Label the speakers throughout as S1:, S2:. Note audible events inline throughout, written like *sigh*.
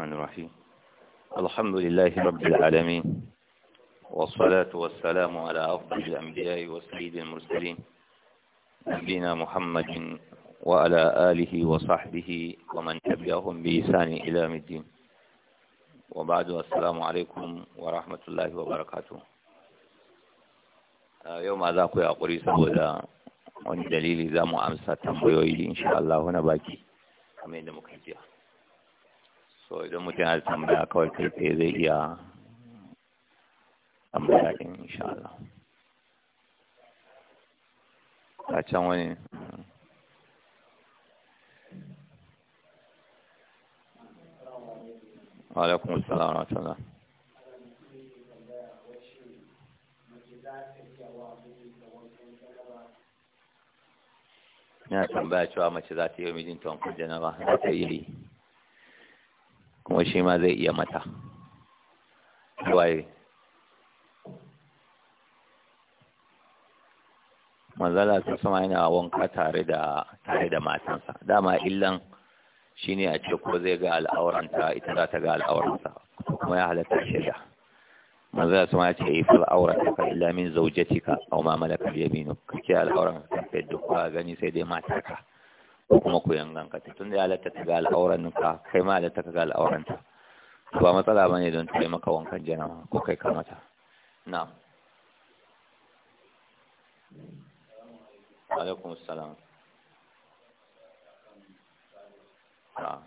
S1: الرحمن الرحيم الحمد لله رب العالمين والصلاة والسلام على أفضل الأنبياء وسيد المرسلين نبينا محمد وعلى آله وصحبه ومن تبعهم بإحسان إلى الدين وبعد السلام عليكم ورحمة الله وبركاته يوم ذاك يا قريس ولا wani dalili za mu amsa tambayoyi insha Allah na baki kamar yadda muka jiya کوییم و میتونم تمرکز کردم که زیادیم اشتباه میکنیم اشتباه میکنیم اشتباه میکنیم اشتباه میکنیم اشتباه میکنیم اشتباه میکنیم اشتباه میکنیم اشتباه میکنیم اشتباه میکنیم اشتباه میکنیم kuma shi ma zai iya mata waye manzala ta sama yana wanka tare da tare da matansa dama illan shine a ce ko zai ga al'auranta ita za ta ga al'auransa kuma ya halatta shida manzala sama ya ce yi auren aurata ka illa min zawjatika aw ma malakat yaminuk kace al'auran ka da duk gani sai dai mata ka. ko kuma koyon ganka ta tun da ya halatta ta ga al'auran ka kai ma halatta ka ga al'auran ta ba matsala bane don ta maka wankan janawa ko kai ka mata na alaikum salam na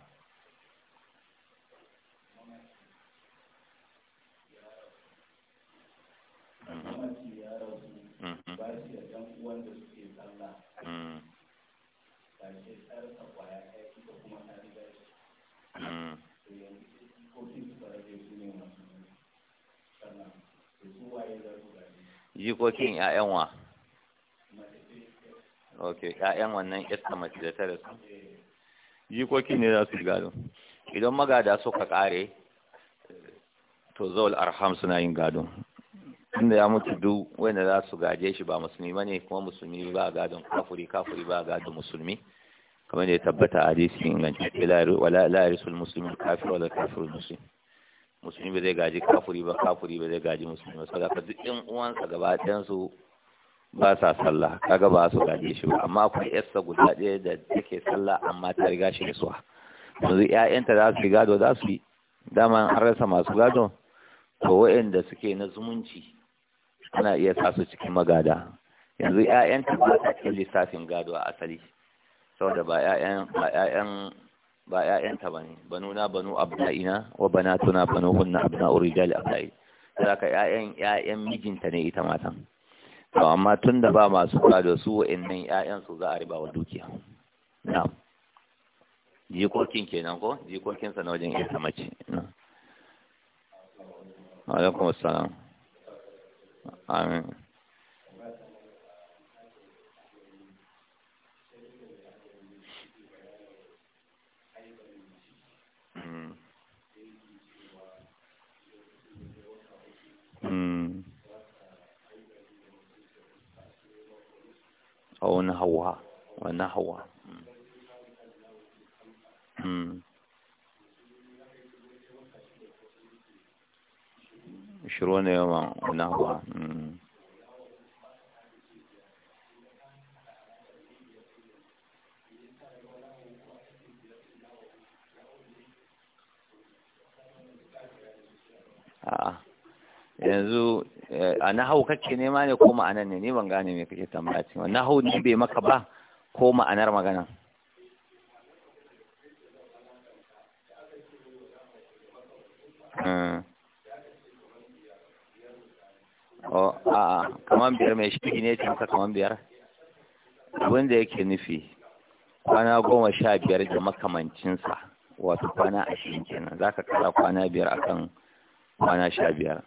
S2: Mm-hmm. mm-hmm.
S1: jikokin ‘ya’yan wa ok 'ya'yan wannan 'yasta mace da ta rasu jikokin ne za su gado idan magada suka kare to zaul arham suna yin gado inda ya mutu duk wanda za su gaje shi ba musulmi ba ne kuma musulmi ba gadon kafuri kafuri ba gadon musulmi kamar da ya tabbata a hadisi ingantacce la yarisul muslimin kafir wala kafirul muslim musulmi ba zai gaji kafuri ba kafuri ba zai gaji musulmi ba saboda duk ɗan uwansa gaba ɗayan su ba sa sallah kaga ba su gaje shi ba amma akwai yarsa guda ɗaya da take sallah amma ta riga shi suwa yanzu ƴaƴanta za su yi gado za su yi dama an rasa masu gado to wa'anda suke na zumunci ana iya sa su cikin magada yanzu ƴaƴanta ba ta cikin lissafin gado a asali saboda ba ƴaƴan ba ƴaƴan ba 'ya'yanta ba ne, banu na Banu abna'ina wa na banatuna banuhunna abna'u rijal abna'i ka 'ya'yan 'ya'yan mijinta ne ita matan to amma tunda ba masu ba da su nan ‘ya’yan su za a riba wa dukiya Na jikokin kenan ko jikokin sa na wajen ita mace alaikum assalam amin او ونهوها ونهوها عشرون يوما ونهوها آه. yanzu eh, a nahau kake nema ne ko ma'anar ne ni ban gane me kake tambaya cewa nahau ne bai maka ba ko ma'anar magana hmm. oh, a a kaman biyar mai shi ne ce maka kaman biyar abin da yake nufi kwana goma sha biyar da makamancinsa wato kwana ashirin kenan za ka kara kwana biyar akan kwana sha biyar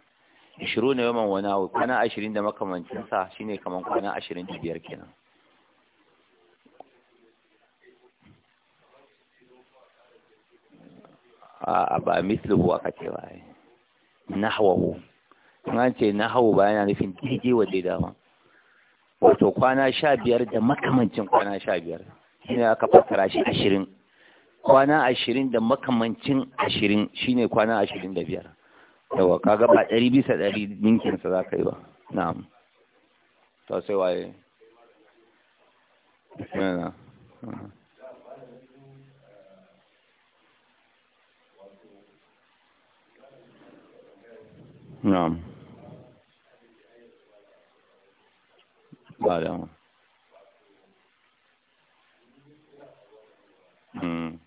S1: shiru ne yaman wani abu, kwana ashirin da makamancinsa shi ne kamar kwana ashirin da biyar kenan a ba mislubu ka ce ba yi na hawahu ce na hawu ba yana nufin daidai wa daida ba wato kwana sha biyar da makamancin kwana sha biyar shi ne aka fasara shi ashirin kwana ashirin da makamancin ashirin shi ne kwana ashirin da biyar yawa kaga ba ɗari bisa ɗari ninkinsa za ka yi ba na'am Ta sai waye yana
S3: na'am ba da hmm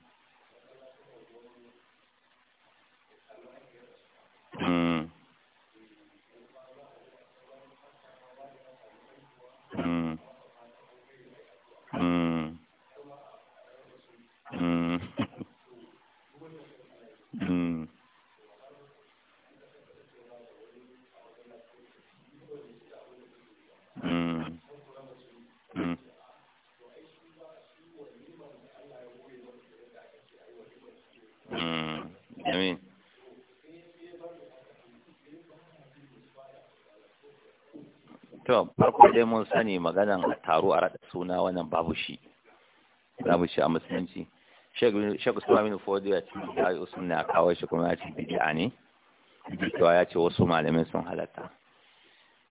S3: Mm. Mm. Mm. Mm. mm. Mm. Mm. Mm. I mean
S1: to farko dai mun sani maganan a taro a raɗa suna wannan babu shi babu shi a musulunci shek usman bin fodi ya ce ya yi usman na kawo shi kuma ya ce bid'a ne cewa ya ce wasu malamin sun halatta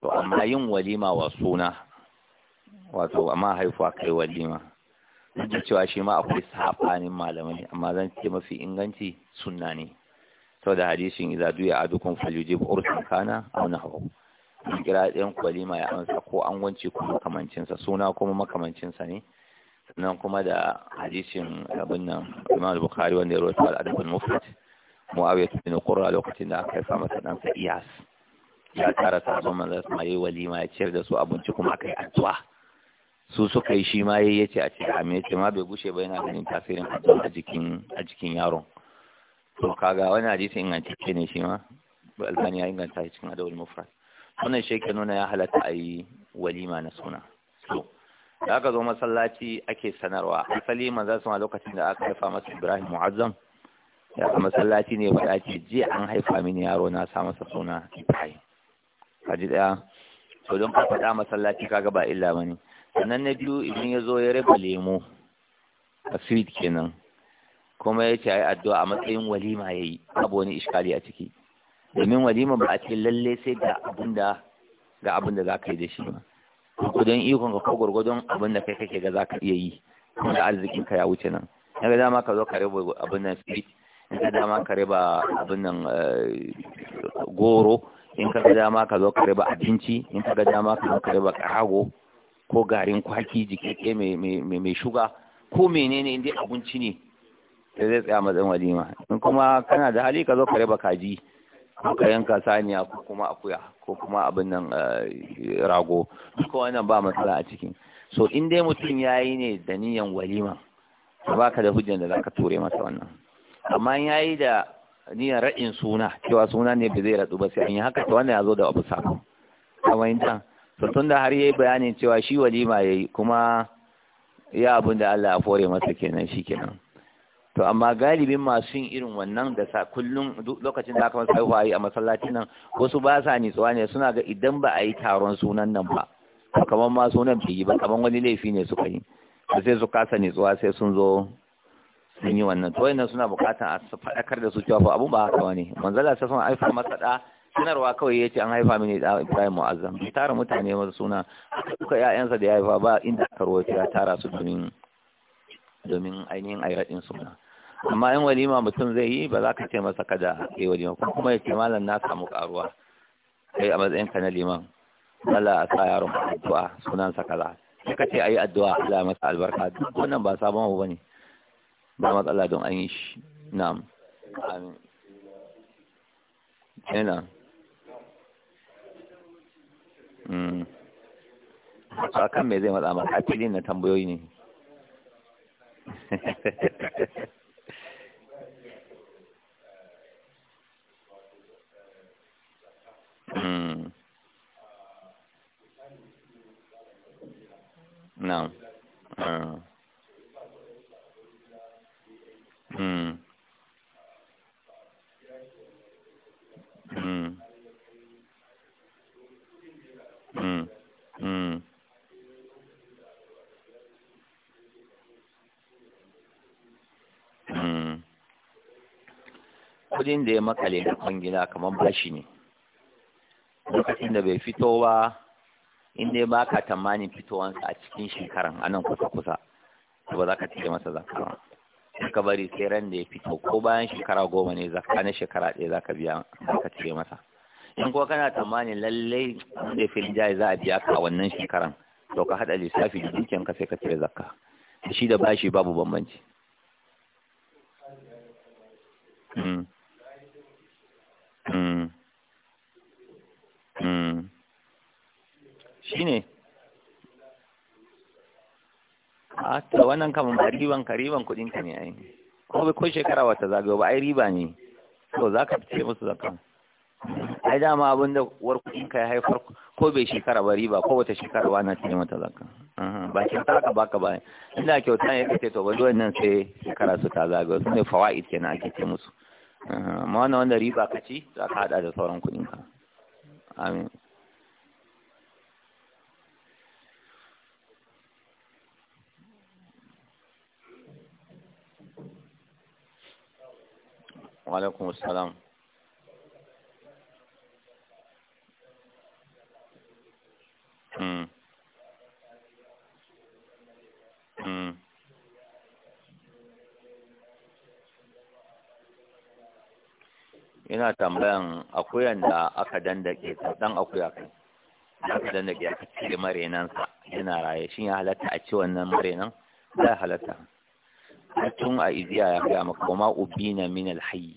S1: to amma yin walima wa suna wato amma haifuwa kai walima duk da cewa shi ma akwai sabanin malamai amma zan ce mafi inganci sunna ne Sau da hadishin izadu ya adukun falyujib Ursun kana a wani hau. kira ɗayan kwalima ya amsa ko an wance ko makamancinsa suna kuma makamancinsa ne sannan kuma da hadisin abin nan imam al-bukhari wanda ya rawaita al-adab al-mufrad muawiya bin qurra lokacin da aka haifa masa dan sa iyas ya tara sabon manzo ma mai walima ya ciyar da su abinci kuma yi addu'a su suka yi shi ma yayi yace a ce amin yace ma bai gushe ba yana ganin tasirin addu'a a jikin a jikin yaron to kaga wani hadisi ingantacce ne shi ma albani ya inganta shi cikin adab al-mufrad wannan shi ke nuna ya halatta a yi walima na suna so da aka zo masallaci ake sanarwa asali maza su ma lokacin da aka haifa masa ibrahim mu'azzam ya masallaci ne ba ake ji an haifa mini yaro na sa masa suna ibrahim kaji daya to don ka faɗa masallaci kaga ba illa ne. sannan na biyu idan ya zo ya raba lemo a sweet kenan kuma ya ce a yi addu'a a matsayin walima ya yi. babu wani iskali a ciki domin walima ba a ce lalle sai ga abin da ga abin da zaka yi da shi ba dan ikon ka ko gurgudun abin da kai kake ga zaka iya yi Kuma da arzikin ka ya wuce nan daga dama ka zo ka raba abin nan spirit in ka dama ka raba abin nan eh, goro in ka ga dama ka zo ka raba abinci in ka ga dama ka zo ka raba karago ko garin kwaki jikeke mai shuga ko menene in abinci ne sai zai tsaya matsayin walima in kuma kana da hali ka zo ka raba kaji ka yanka saniya ko kuma akuya ko kuma abin nan eh, rago duka wannan ba matsala a cikin so in dai mutum ya yi ne da niyan walima ba baka da hujjan da za ka ture masa wannan amma ya yi da niyan ra'in suna cewa suna ne ba zai raɗu ba sai an yi haka ta wannan ya zo da abu sako kamar ta so tun da har yayi bayanin cewa shi walima ya yi kuma ya abin da Allah ya fore masa kenan shi kenan. to amma galibin masu yin irin wannan da sa kullum lokacin da aka masa haihuwa a masallacin nan wasu ba sa nitsuwa ne suna ga idan ba a yi taron sunan nan ba kamar ma sunan bai yi ba kamar wani laifi ne suka yi sai su kasa nitsuwa sai sun zo sun yi wannan to wannan suna bukatar a faɗakar da su cewa fa abun ba haka bane manzala sai sun haifa masa da sanarwa kawai ya ce an haifa mini da Ibrahim Mu'azzam bai tara mutane masu suna duka 'ya'yansa da ya haifa ba inda aka rawaito ya tara su domin domin ainihin ayyadin suna amma in walima mutum zai yi ba za ka ce masa kada ke walima kuma kuma ya ce malam na samu karuwa kai a matsayin ka na liman Allah a sa yaron addu'a sunan sa kaza sai ka ce ayi addu'a Allah masa albarka duk wannan ba sabon abu bane ba matsala don an yi shi na'am amin ina mm akan me zai matsa maka filin na tambayoyi ne *laughs*
S3: نعم hmm. uh. hmm.
S1: hmm. kudin da ya makale da kwangila kamar bashi ne lokacin da bai fito ba in dai ba ka tamanin fitowansa a cikin shekaran a nan kusa-kusa to ba za ka cike masa zakara ka bari sai ran da ya fito ko bayan shekara goma ne zakka na shekara ɗaya za ka biya za ka cire masa in kuwa kana tamanin lallai da filjai za a biya ka a wannan shekaran to ka haɗa lissafi da ka sai ka cire zakka shi da bashi babu bambanci Mm. Mm. shine a ah, ta wannan kamar ba riban ka riban kudinka ne ai ko bai ko shekara wata zagaya ba ai riba ne to za ka fice musu zakka ai dama abin da war kudinka ya haifar ko bai shekara ba riba ko wata shekara ba na cire mata zakka ba kyauta ka baka ba inda kyauta ya kace to ba dole nan sai shekara su ta zagaya su ne fawaid kenan ake ce musu amma wannan wanda riba ka ci za ka hada da sauran kudinka amin وعليكم السلام hmm. hmm. ina tambayan akuyan da aka dandake dan akuya kai aka dandake aka cire marenansa yana raye shin ya halatta a ci wannan marenan ya halatta tun a iziya ya gaya maka kuma ubina min alhayy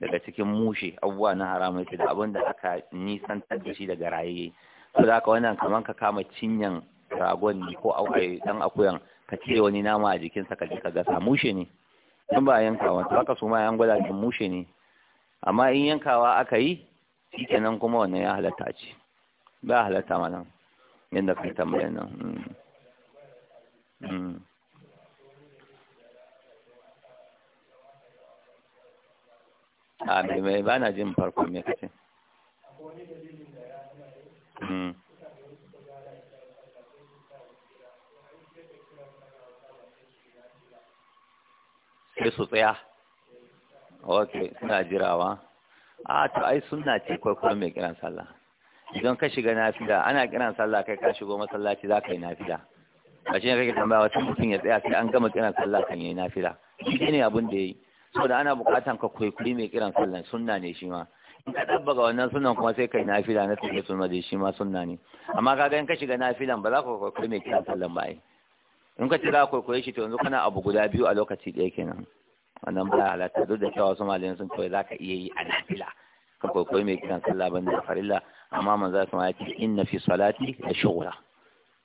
S1: daga cikin mushe abubuwa na haramun yake da abin da aka nisan da shi daga raye to da ka wannan kaman ka kama cinyan ragon ne ko akwai dan eh, akuyan ka cire wani nama a jikinsa ka je ka gasa mushe ne in ba yankawa to haka su ma yan gwada mushe ne amma in yankawa aka yi shikenan kuma wannan ya halatta ce ba halatta nan yadda kai tambayar nan mm. Mm. mai ba na jin farko me kace hmm. sai su tsaya ok suna jirawa a to ai suna ce kwaikwayon mai kiran sallah idan ka shiga nafila ana kiran sallah kai ka shigo masallaci za ka yi nafila Ba shi ne kake tambaya wata mutum ya tsaya sai an gama kiran sallah kan yi nafila shi ne abin da ya yi saboda ana buƙatan ka kwaikwayi mai kiran sallan sunna ne shi ma in ka dabba ga wannan sunan kuma sai kai nafila na tsaye sunna dai shi ma sunna ne amma ka ga in ka shiga nafilan ba za ka kwaikwayi mai kiran sallan ba ai in ka ci za ka kwaikwaye shi to yanzu kana abu guda biyu a lokaci ɗaya kenan wannan ba halatta duk da cewa wasu malayan sun kawai za ka iya yi a nafila ka kwaikwayi mai kiran sallah ban da farilla amma man za su ma ce inna fi salati da shugura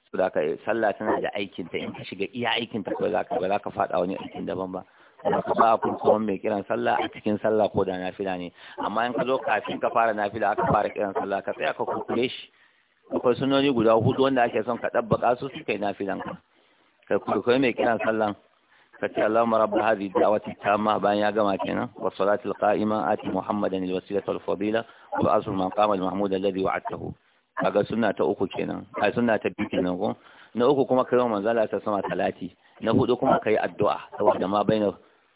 S1: saboda da ka sallah tana da aikinta in ka shiga iya aikinta kawai za ka ba za ka faɗa wani aikin daban ba ka ba a kurkuwan mai kiran sallah a cikin sallah ko da nafila ne amma in ka zo kafin ka fara nafila aka fara kiran sallah ka tsaya ka kurkure shi akwai sunoni guda hudu wanda ake son ka ɗabbaka su su kai nafilan ka ka kurkure mai kiran sallah ka ce Allahumma rabb hadhihi da'wati tamma bayan ya gama kenan wa salati al-qa'ima ati muhammadan al-wasilata al-fadila wa asr maqama al-mahmud alladhi wa'adtahu kaga sunna ta uku kenan ai sunna ta biyu kenan ko na uku kuma kai manzala ta sama talati na hudu kuma kai addu'a saboda ma baina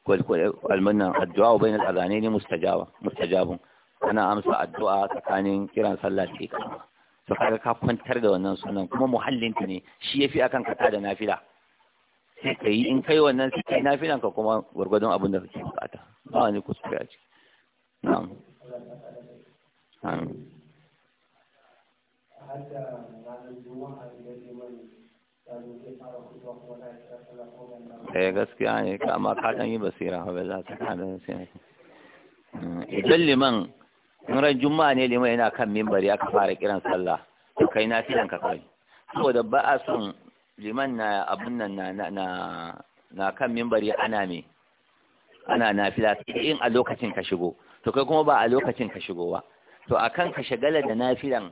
S1: almannan addu'a bainal azanaini mustajaba mustajabun Kana amsa addu'a tsakanin kiran sallah da ikama to kaga ka kwantar da wannan sunan kuma muhallinta ne shi yafi akan kata da nafila sai ka yi wannan sai kai kuma gwargwadon abin da kake bukata ba wani kuskure a ciki amin eh gaskiya ne kama ka yi basira ba za ka kada sai eh, idan liman in ran juma'a ne liman yana kan mimbari aka fara kiran sallah to kai na filan ka kai saboda ba a son liman na abun nan na na na kan mimbari ana me ana nafila in a lokacin ka shigo to kai kuma ba a lokacin ka shigo ba to akan ka shagala da nafilan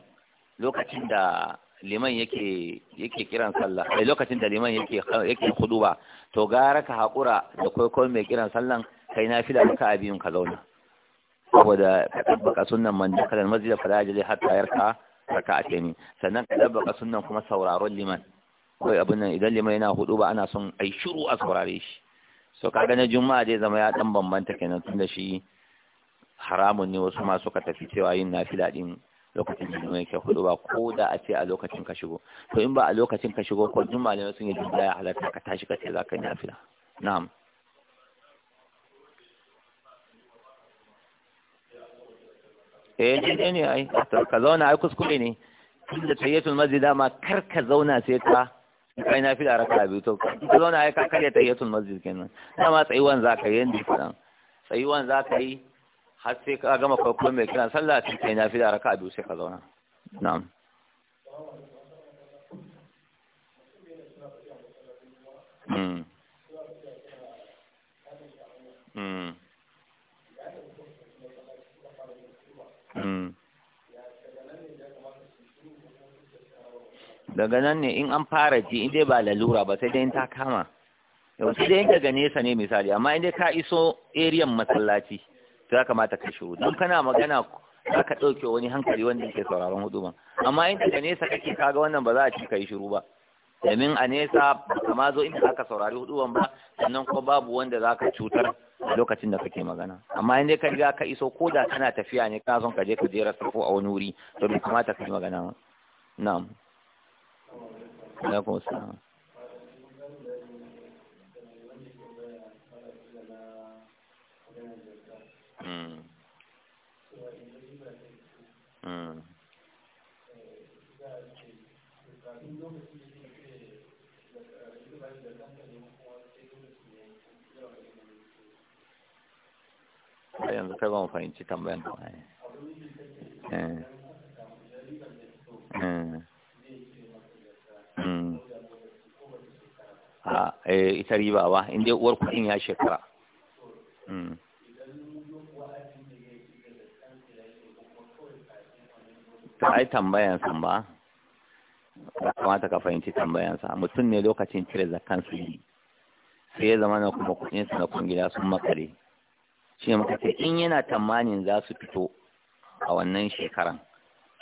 S1: lokacin da liman yake yake kiran sallah a lokacin da liman yake yake khuduba to gara ka hakura da kwaikwayon mai kiran sallan kai na fila maka a biyun ka zauna saboda ka tabbaka sunnan man da masjid fa rajili hatta yarka raka sannan ka tabbaka sunnan kuma sauraron liman kai abin nan idan liman yana khuduba ana son ai shiru a saurare shi so kaga na juma'a zai zama ya dan bambanta kenan tunda shi haramun ne wasu ma suka tafi cewa yin nafila din lokacin da mai yake hudu ba ko da a ce a lokacin ka shigo to in ba a lokacin ka shigo ko duk malamai sun yi jumla ya halatta ka tashi ka ce za ka yi nafila na'am eh daidai ne ai ka zauna ai kuskure ne da tayyatul masjid dama kar ka zauna sai ka kai na fi da raka biyu to ka zauna ai ka karya tayyatul masjid kenan dama tsayuwan zaka yi yanda fadan tsayuwan zaka yi har sai ka gama farko mai kiran sallah sai kai nafila raka'a biyu sai ka zauna na'am hmm. Hmm. Hmm. daga nan ne in an fara ji in ba lalura ba sai dai in ta kama yau sai dai in daga nesa ne misali amma in ka iso eriyan masallaci to ya kamata ka shiru don kana magana za ka ɗauke wani hankali wanda ke sauraron huduma amma in daga nesa kake kaga wannan ba za a ci ka yi shiru ba domin a nesa kama zo inda ka saurari huduman ba sannan kuma babu wanda za ka cutar lokacin da kake magana amma in dai ka riga ka iso ko da kana tafiya ne kana son ka je ka jera safo a wani wuri to bai kamata ka yi magana ba na'am alaikum assalam a yanzu kai ba fahimci tambayan da wani a ita riba ba inda uwar kudin ya shekara Ba ai tambayan san ba kamata ka fahimci tambayan sa mutum ne lokacin cire zakkan su yi sai ya zama na kuma kuɗin su na gida sun makare shi muka ce in yana tamanin za su fito a wannan shekaran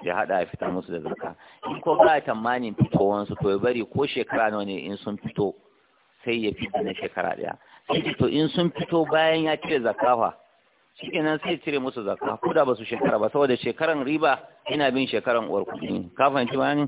S1: ya haɗa a fitar musu da zakka in ko ba tamanin wansu, to ya bari ko shekara nawa ne in sun fito sai ya fi na shekara ɗaya sai to in sun fito bayan ya cire zakafa kenan sai cire musu zakka ko da ba su shekara ba saboda shekaran riba ina bin shekaran uwar kuɗi ka fahimci ba ni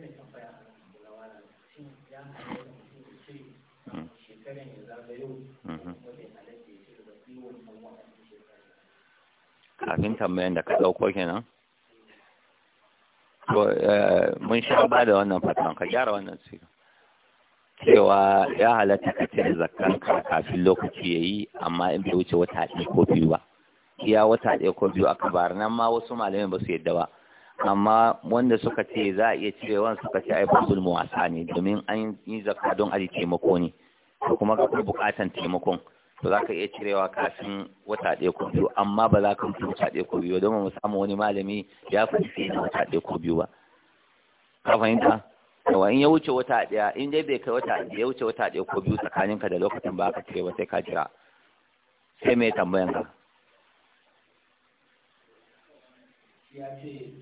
S2: mai da kiwon a cikin
S1: kafin tambayan da ka ɗauko kenan eh, mun sha ba da wannan fatan ka gyara wannan su. cewa ya halatta ka cire zakanka kafin lokaci ya yi amma in bai wuce wata ɗaya ko biyu ba iya wata ɗaya ko biyu aka bayar nan ma wasu malamai ba su yadda ba amma wanda suka ce za a iya cirewan suka ce ai babul muwasa ne domin an yi zakka don aji taimako ne to kuma ka kuma bukatan taimakon to za ka iya cirewa kafin wata ɗaya ko biyu amma ba za ka mutu wata ɗaya ko biyu don mu samu wani malami ya fi fi da wata ɗaya ko biyu ba ka fahimta yawa in ya wuce wata ɗaya in dai bai kai wata ya wuce wata ɗaya ko biyu tsakaninka da lokacin ba ka cire ba sai ka jira sai mai tambayanka
S2: ya ce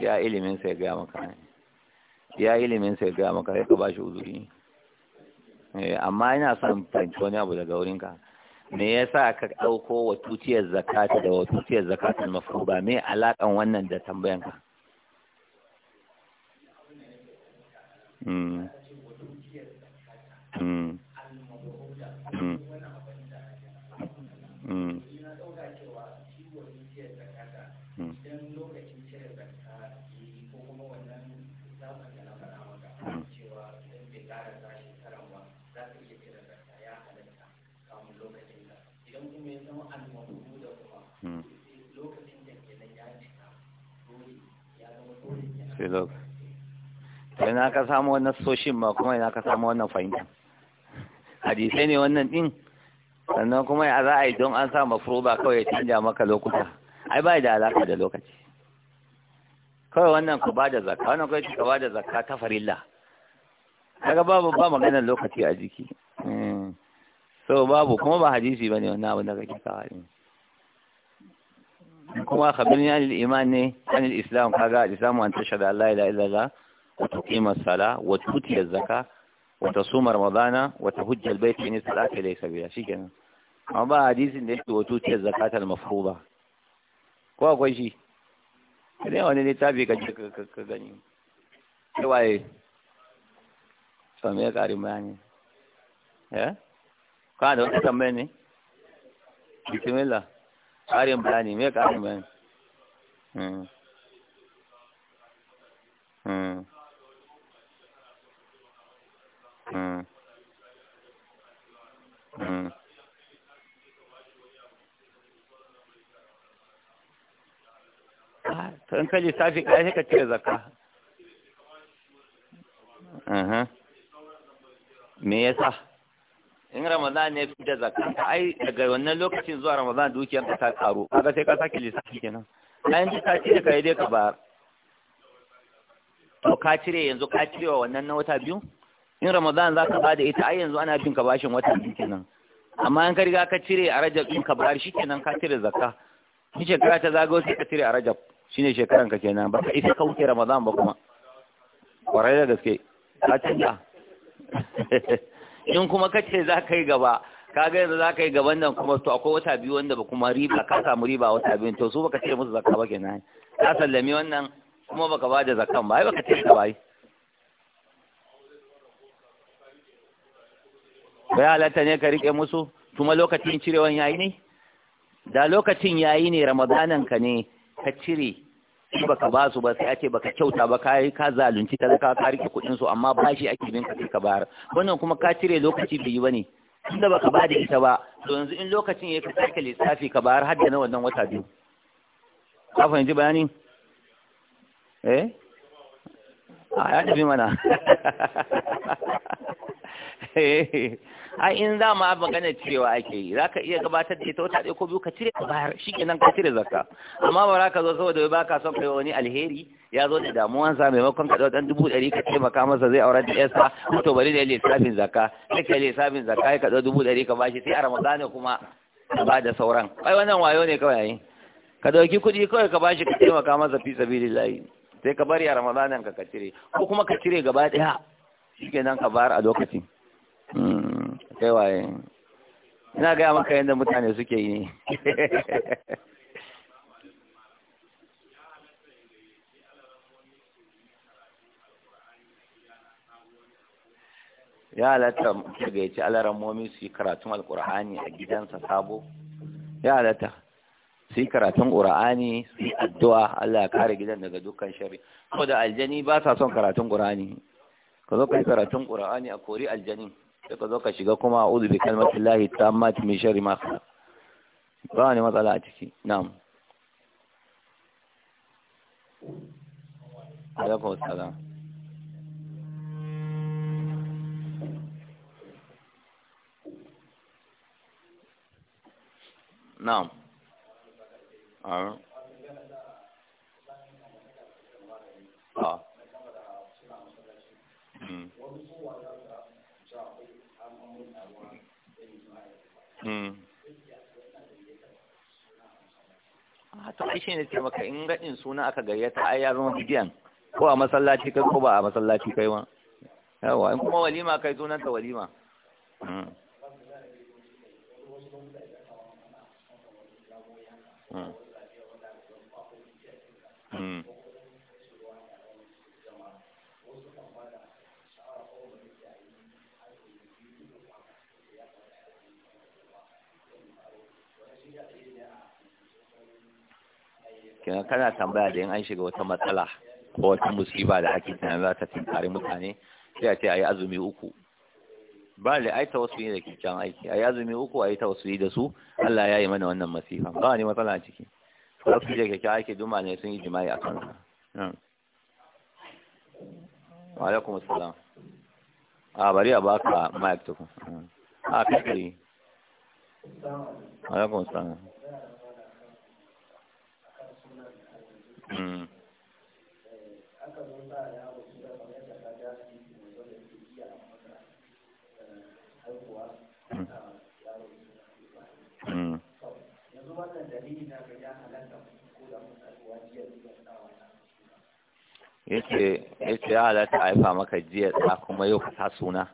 S2: ya
S1: ilimin sai ga maka ya ilimin sai ga maka sai ka bashi uzuri eh amma ina son fahimci wani abu daga wurin ka me yasa ka dauko wa tutiyar zakata da wa tutiyar zakatul mafruba me alakan wannan da tambayanka mm filog na ka samu wannan soshin ma kuma ina ka samu wannan fahimta hadisai ne wannan din sannan kuma ya za a yi don an sa mafuro ba kawai ya canja maka lokuta ai ba da alaka da lokaci kawai wannan ku ba da zakka wannan kawai ka ba da zakka ta farilla daga babu ba maganar lokaci a jiki hmm. so babu kuma ba hadisi ba ne wannan abin da kake kawai. kuma khabirni al iman ne al islam kaga al-islam an tashhadu an la ilaha illa allah wa tuqima as-sala wa tuti az zakah wa tasuma ramadana wa tahujja al-bayt in salati laysa biha shikenan amma ba hadisin da yake wa tuti az-zakata al-mafruḍa ko akwai shi dai wani tabi ka ka gani sai waye to me ƙarin bayani eh ka da wata tambaya ne bismillah ƙarin bayani me ƙarin hum
S3: hmm hmm hmm
S1: hmm to in ka lissafi ka ka cire zakka me yasa in ramadan ne fi da zakka ai daga wannan lokacin zuwa ramadan dukiyar ta karu kaga sai ka sake lissafi kenan bayan ka cire ka dai ka bayar to ka cire yanzu ka cire wa wannan na wata biyu in ramadan za ka bada ita ai yanzu ana bin ka bashin wata biyu kenan amma in ka riga ka cire a rajab in ka bayar shikenan ka cire zakka ni shekara ta zagayo sai ka cire a rajab Shi ne shekaran ka kenan ba ka isa ka wuce ramadan ba kuma kwarai da gaske ka canja *laughs* in kuma ka ce za ka yi gaba ka ga yanzu za ka yi gaban nan kuma to akwai wata biyu wanda ba kuma riba ka samu riba wata biyu to su baka ce musu zakka ba kenan ka sallami wannan kuma baka ba da zakkan ba ai baka ce ka ba ai bai halatta ne ka rike musu kuma lokacin cirewan yayi ne da lokacin yayi ne ramadanan ka ne ka cire in baka ba su ba sai ake baka kyauta ba ka ka zalunci talaka ka rike kuɗin su amma bashi ake bin ka ka bayar wannan kuma ka cire lokaci bai yi bane tunda baka ba da ita ba to yanzu in lokacin ya ka sake lissafi ka bayar har da na wannan wata biyu ka fahimci bayani eh a ya tafi mana *laughs* a in za mu magana cewa ake yi za ka iya gabatar da ita wata ɗaya ko biyu ka cire ka bayar shi kenan ka cire zakka amma ba za ka zo saboda ba ka son kai wani alheri ya zo da damuwansa maimakon ka ɗan dubu ɗari ka maka masa zai aurar da ƴarsa to bari da lissafin zakka sai ka lissafin zakka ka ɗau dubu ɗari ka bashi sai a ramadana kuma ka ba da sauran ai wannan wayo ne kawai ka ɗauki kuɗi kawai ka bashi ka maka masa fi sabilillahi sai ka bari a ramadanan ka ka cire ko kuma ka cire gaba ɗaya shikenan ka bayar a lokacin kai waye ina gaya maka yadda mutane suke yi *laughs* ya halatta daga ya ci momi su yi karatun alkur'ani a gidansa sabo ya halatta su yi karatun ƙura'ani su yi addu'a Allah ya kare gidan daga dukkan shari ko da aljani ba sa son karatun ƙura'ani ka zo ka yi karatun ƙura'ani a kori aljani sai ka zo ka shiga kuma a uzu bi kalmatin lahi ta mati mai shari ma kala ba wani matsala a ciki na'am alaikum salam na'am Mm. Ah, to ai ne ce maka in gaɗin suna aka gayyata ai ya zama bidiyan ko a masallaci kai ko ba a masallaci kai ma yawa in kuma walima kai sunan ta walima Mm. mm. mm. kina kana tambaya da in an shiga wata matsala ko wata musiba da ake tunanin za ta tunkari mutane sai a ce a yi azumi uku ba da ai yi da kyakkyawan aiki a yi azumi uku a yi yi da su Allah ya yi mana wannan masifa ba wani matsala a ciki Wasu yi da kyakkyawan aiki duma ne sun yi jima'i a kansa wa alaikum assalam a bari a baka mic tukun a wa alaikum assalam Mm. Mm. Mm. yace yace ya halatta a haifa maka jiya da kuma yau ka suna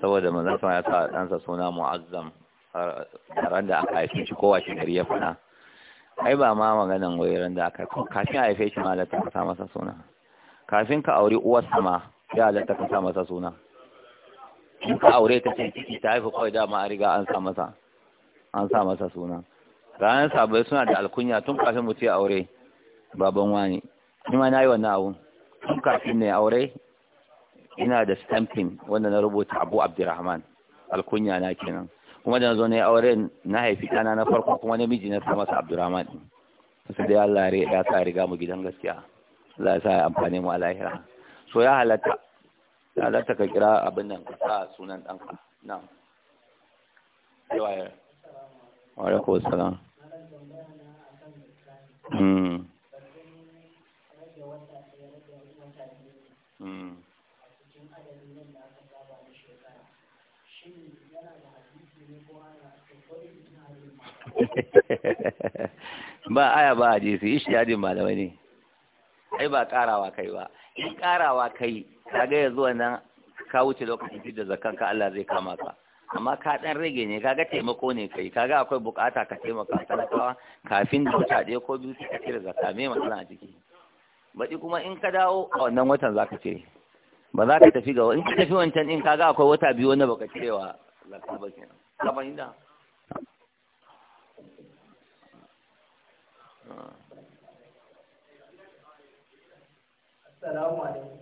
S1: saboda sama ya sa ɗansa suna mu'azzam ran da aka haife shi kowa shi gari ya faɗa. ai ba ma maganan wayoyin da aka kafin a haife shi ma halatta ta sa masa suna kafin ka aure uwarsa ma ya halatta ta sa masa suna in ka aure ta ce ciki ta haifa, kawai dama a riga an sa masa an sa masa suna ranar sabai suna da alkunya tun kafin mu ce aure baban wani ni ma nayi wannan abun tun kafin ne aure ina da stamping wanda na rubuta Abu Abdurrahman alkunya na kenan kuma da zo ne auren na haifi kana na farko kuma namiji na sa masa abdurrahman sai dai Allah ya sa riga mu gidan gaskiya Allah ya sa amfani mu a lahira so ya halatta ya halatta ka kira abin nan ka sa sunan ɗanka na yawa wa alaikum salam Mm. Hmm. *laughs* ba aya ba ishi yadin malamai ne ai ba karawa kai ba in karawa kai gaya yanzu wannan ka wuce lokacin fidda zakan ka Allah zai kama ka amma ka dan rage ne kaga taimako ne kai kaga akwai bukata ka taimaka talakawa kafin da wata ɗaya ko biyu ka cire zakka me matsala a ciki baki kuma in ka dawo a wannan watan zaka ce ba za ka tafi ga in ka tafi wancan in kaga akwai wata biyu wanda baka cirewa zakka ba kenan ka fahimta
S4: Salamu alaikum.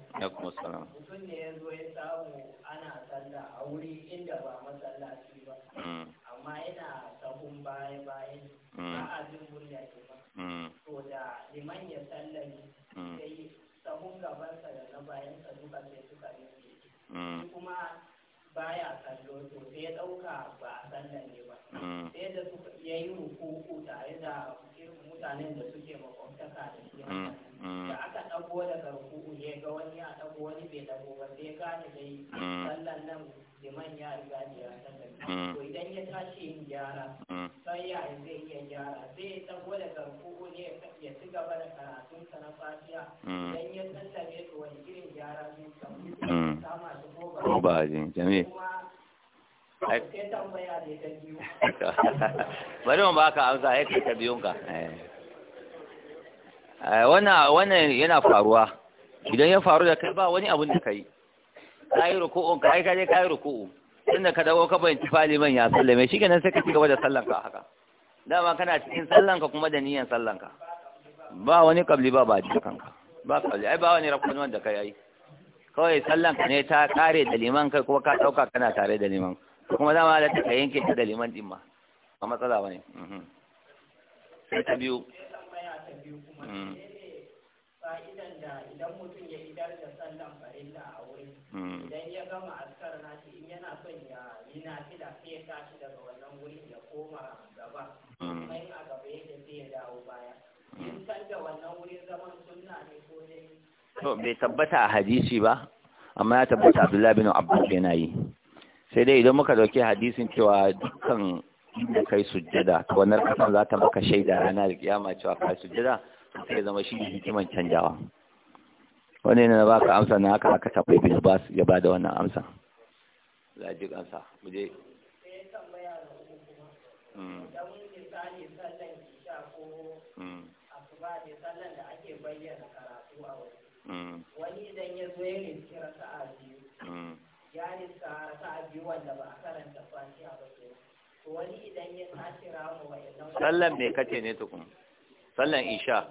S4: Mutum ne ya zo ya samu ana sallah a wuri inda ba masallaci ba. Hmm. Amma yana sahun baya bayan hmm. ba a jin murya ke ba. Hmm. To da liman ya sallami sai sahun gabansa da na bayansa duka sai suka nufi. Kuma baya kallo to sai ya dauka ba a sallan ne ba mm. sai da suka yayi yi rukuku tare da mutanen da suke makwabtaka da shi mm, mm. da aka dago daga hukuku ya ga wani ya dago wani bai dago ba sai gane dai sallan nan liman ya riga da ya sallama hmm. to idan ya tashi yin gyara hmm. sai ya zai iya gyara zai tsago da garkuku ne ya ci gaba da karatun sa na fatiha hmm. idan ya sallame to wani irin gyara zai samu sama
S1: shi ko ba jami'i
S4: *laughs* bari mu baka amsa
S1: ya kai ta biyunka eh. eh, wannan yana faruwa idan ya faru da kai ba wani abun da kai ka yi ruku'un ka yi kaje ka yi ruku'u tunda ka dawo ka bayanci faliman ya sallame shi kenan sai ka ci gaba da sallanka haka dama kana cikin sallanka kuma da niyan sallanka ba wani kabli ba ba kanka ba kabli ai ba wani rakun wanda kai ai kawai sallanka ne ta kare da liman kai kuma ka dauka kana tare da liman kuma dama da ta yanke ta da liman din ma ba matsala bane mhm. sai ta biyu mhm.
S4: fa'idan da idan mutum ya idar da sallan farilla Hmm. idan ya gama askar na shi in yana son ya yi na fila sai ya tashi daga wannan wurin ya koma gaba hmm. kuma in a gaba yake sai ya dawo baya hmm. in san da wannan wurin zaman sunna ne ko
S1: to bai tabbata a hadisi ba amma ya tabbata Abdullahi bin Abbas na yi sai dai idan muka dauke hadisin cewa dukkan inda kai sujjada ta wannan kasan za ta maka shaida ranar kiyama cewa kai sujjada sai zama shi hikiman canjawa wani ne na ba ka amsa na haka aka tafi bin bas ya ba da wannan amsa lajik amsa mu hmm. Hmm.
S4: Hmm. a karanta fatiha ba sallan mai
S1: kace ne tukun sallan isha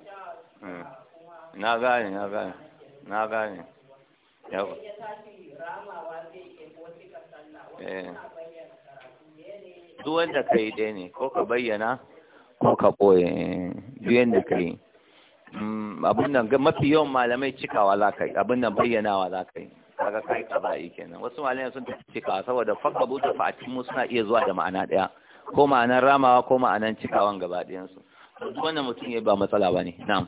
S1: na gane na gane na gane yawa eh. duk wanda ka yi dai ne ko ka bayyana ko ka ɓoye duk da ka yi mm, abin mafi yawan malamai cikawa za ka yi abin nan bayyanawa za ka yi kaga kai yi kenan wasu malamai sun tafi cikawa saboda fagba buta fa mu suna iya zuwa da ma'ana ɗaya ko ma'anar ramawa ko ma'anar cikawan gaba ɗayansu duk wannan mutum ya ba matsala ba ne na'am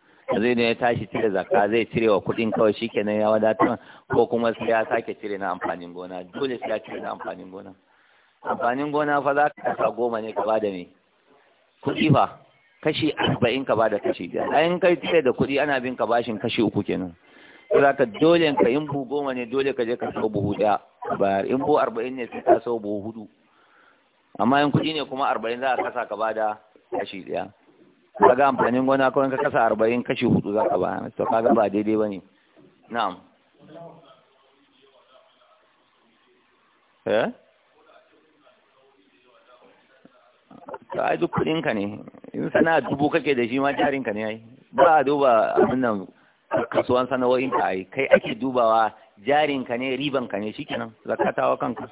S1: yanzu ne ya tashi cire zakka zai cire wa kuɗin kawai shi kenan ya wadatar ko kuma sai ya sake cire na amfanin gona dole sai ya cire na amfanin gona amfanin gona fa za ka kasa goma ne ka bada me kuɗi fa kashi arba'in ka bada kashi biyar ayin kai cire da kuɗi ana bin ka bashin kashi uku kenan za ka dole ka in bu goma ne dole ka je ka sau buhu ɗaya bayar in bu arba'in ne sai ka sau buhu hudu amma in kuɗi ne kuma arba'in za a kasa ka bada kashi ɗaya kaga amfanin gona kawai ka kasa arba'in kashi hudu za ka ba to kaga ba daidai ba ne na'am eh ta ai duk ka ne in sana dubu kake da shi ma jarinka ne ai ba a duba abin nan kasuwan sana'o'inka ai kai ake dubawa jarinka ne ribanka ne shikenan zakatawa kanka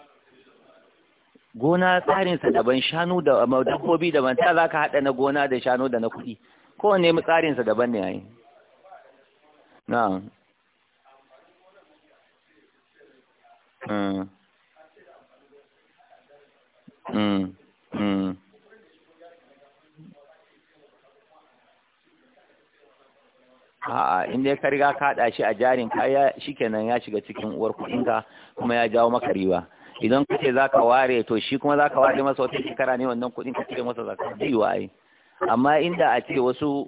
S1: gona tsarinsa daban shanu da dabbobi daban ta za ka haɗa na gona da shanu da na kuɗi kowane tsarinsa daban ne yayi na hmm. hmm. hmm. A'a, in dai ka riga ka haɗa shi a jarin kaya shikenan ya shiga cikin uwar kuɗinka kuma ya jawo maka riba. idan ka ce za ka ware to shi kuma za ka ware masa wata shekara ne wannan kuɗin ka cire masa zakka zai waye amma inda a ce wasu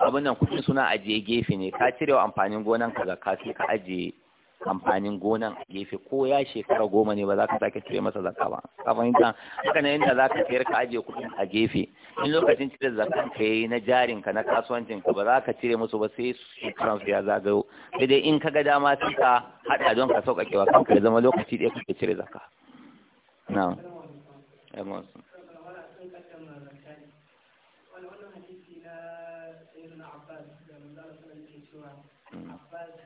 S1: abin nan kuɗin suna ajiye gefe ne ka cire wa amfanin gonan ka zakka ka ajiye amfanin gonan a gefe ko ya shekara goma ne ba za ka sake cire masa zaka ba ka fahimta haka ne inda za ka sayar ka ajiye kuɗin a gefe in lokacin cire zakan ka yayi na jarin ka na kasuwancin ka ba za ka cire musu ba sai shekaran su ya zagayo sai dai in ka ga dama sai ka haɗa don ka sauƙaƙe wa kanka ya zama lokaci ɗaya kake cire zakka na'am
S4: Abbas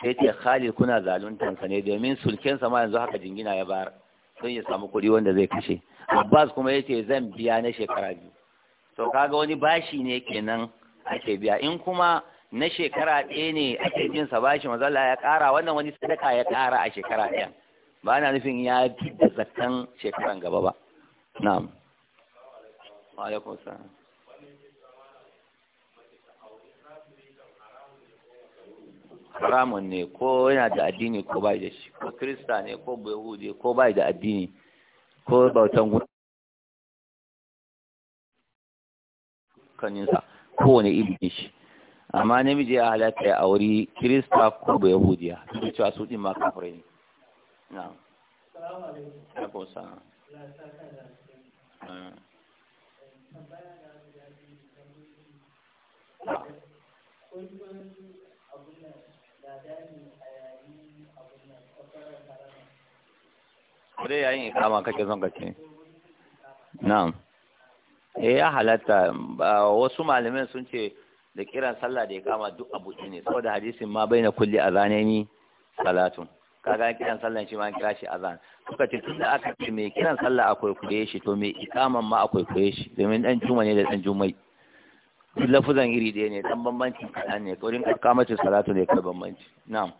S1: sai ce Khalid kuna sa ne domin sulkensa ma yanzu haka jingina ya bayar don ya samu kuɗi wanda zai kashe Abbas kuma yace zan biya na shekara biyu to kaga wani bashi ne kenan ake biya in kuma na shekara ɗaya ne ake jin sa bashi mazalla ya ƙara wannan wani sadaka ya ƙara a shekara ɗaya ba na nufin ya fi da zakkan shekaran gaba ba na'am wa alaikum salam haramun ne ko yana da addini ko bai da shi ko krista ne ko yahudi ko bai da addini ko bautan kaninsa wani ilimin shi amma namiji ya halatta ya auri kirista ko ba ya duk cewa su din ma kafirai ne na assalamu
S4: Thank you.
S1: Kure yayin ikama kake son kace. Nan. Eh ya halatta wasu malamin sun ce da kiran sallah da ikama duk abu ne saboda hadisin ma baina kulli azanaini salatun. kaga kiran sallah shi ma an kira shi azan suka ce tunda aka ce mai kiran sallah akwai kure shi to mai ikaman ma akwai kure shi domin dan juma ne da dan jumai lafuzan iri ɗaya ne ɗan bambanci kaɗa ne kaurin ƙarƙa mace salatu ne kai bambanci na'am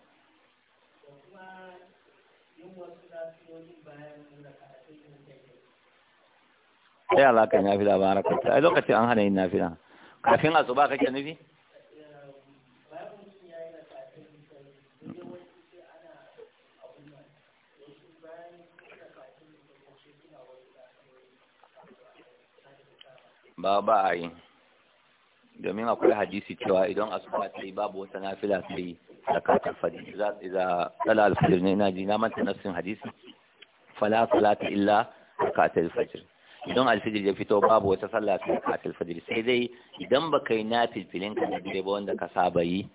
S1: sai alaƙar fi labarar harakarta a lokacin an hana yin na fi na kafin a asuba kake nufi ba ba a yi domin akwai hadisi cewa idan asuba ta yi babu wata nafila ta yi zakatul fajr za iza tsala al-fajr ne ina ji na manta nafsin hadisi fala salata illa zakatul fajr idan alfijir ya fito babu wata sallah ta zakatul fajr sai dai idan baka yi nafilfilin ka na ba wanda ka saba yi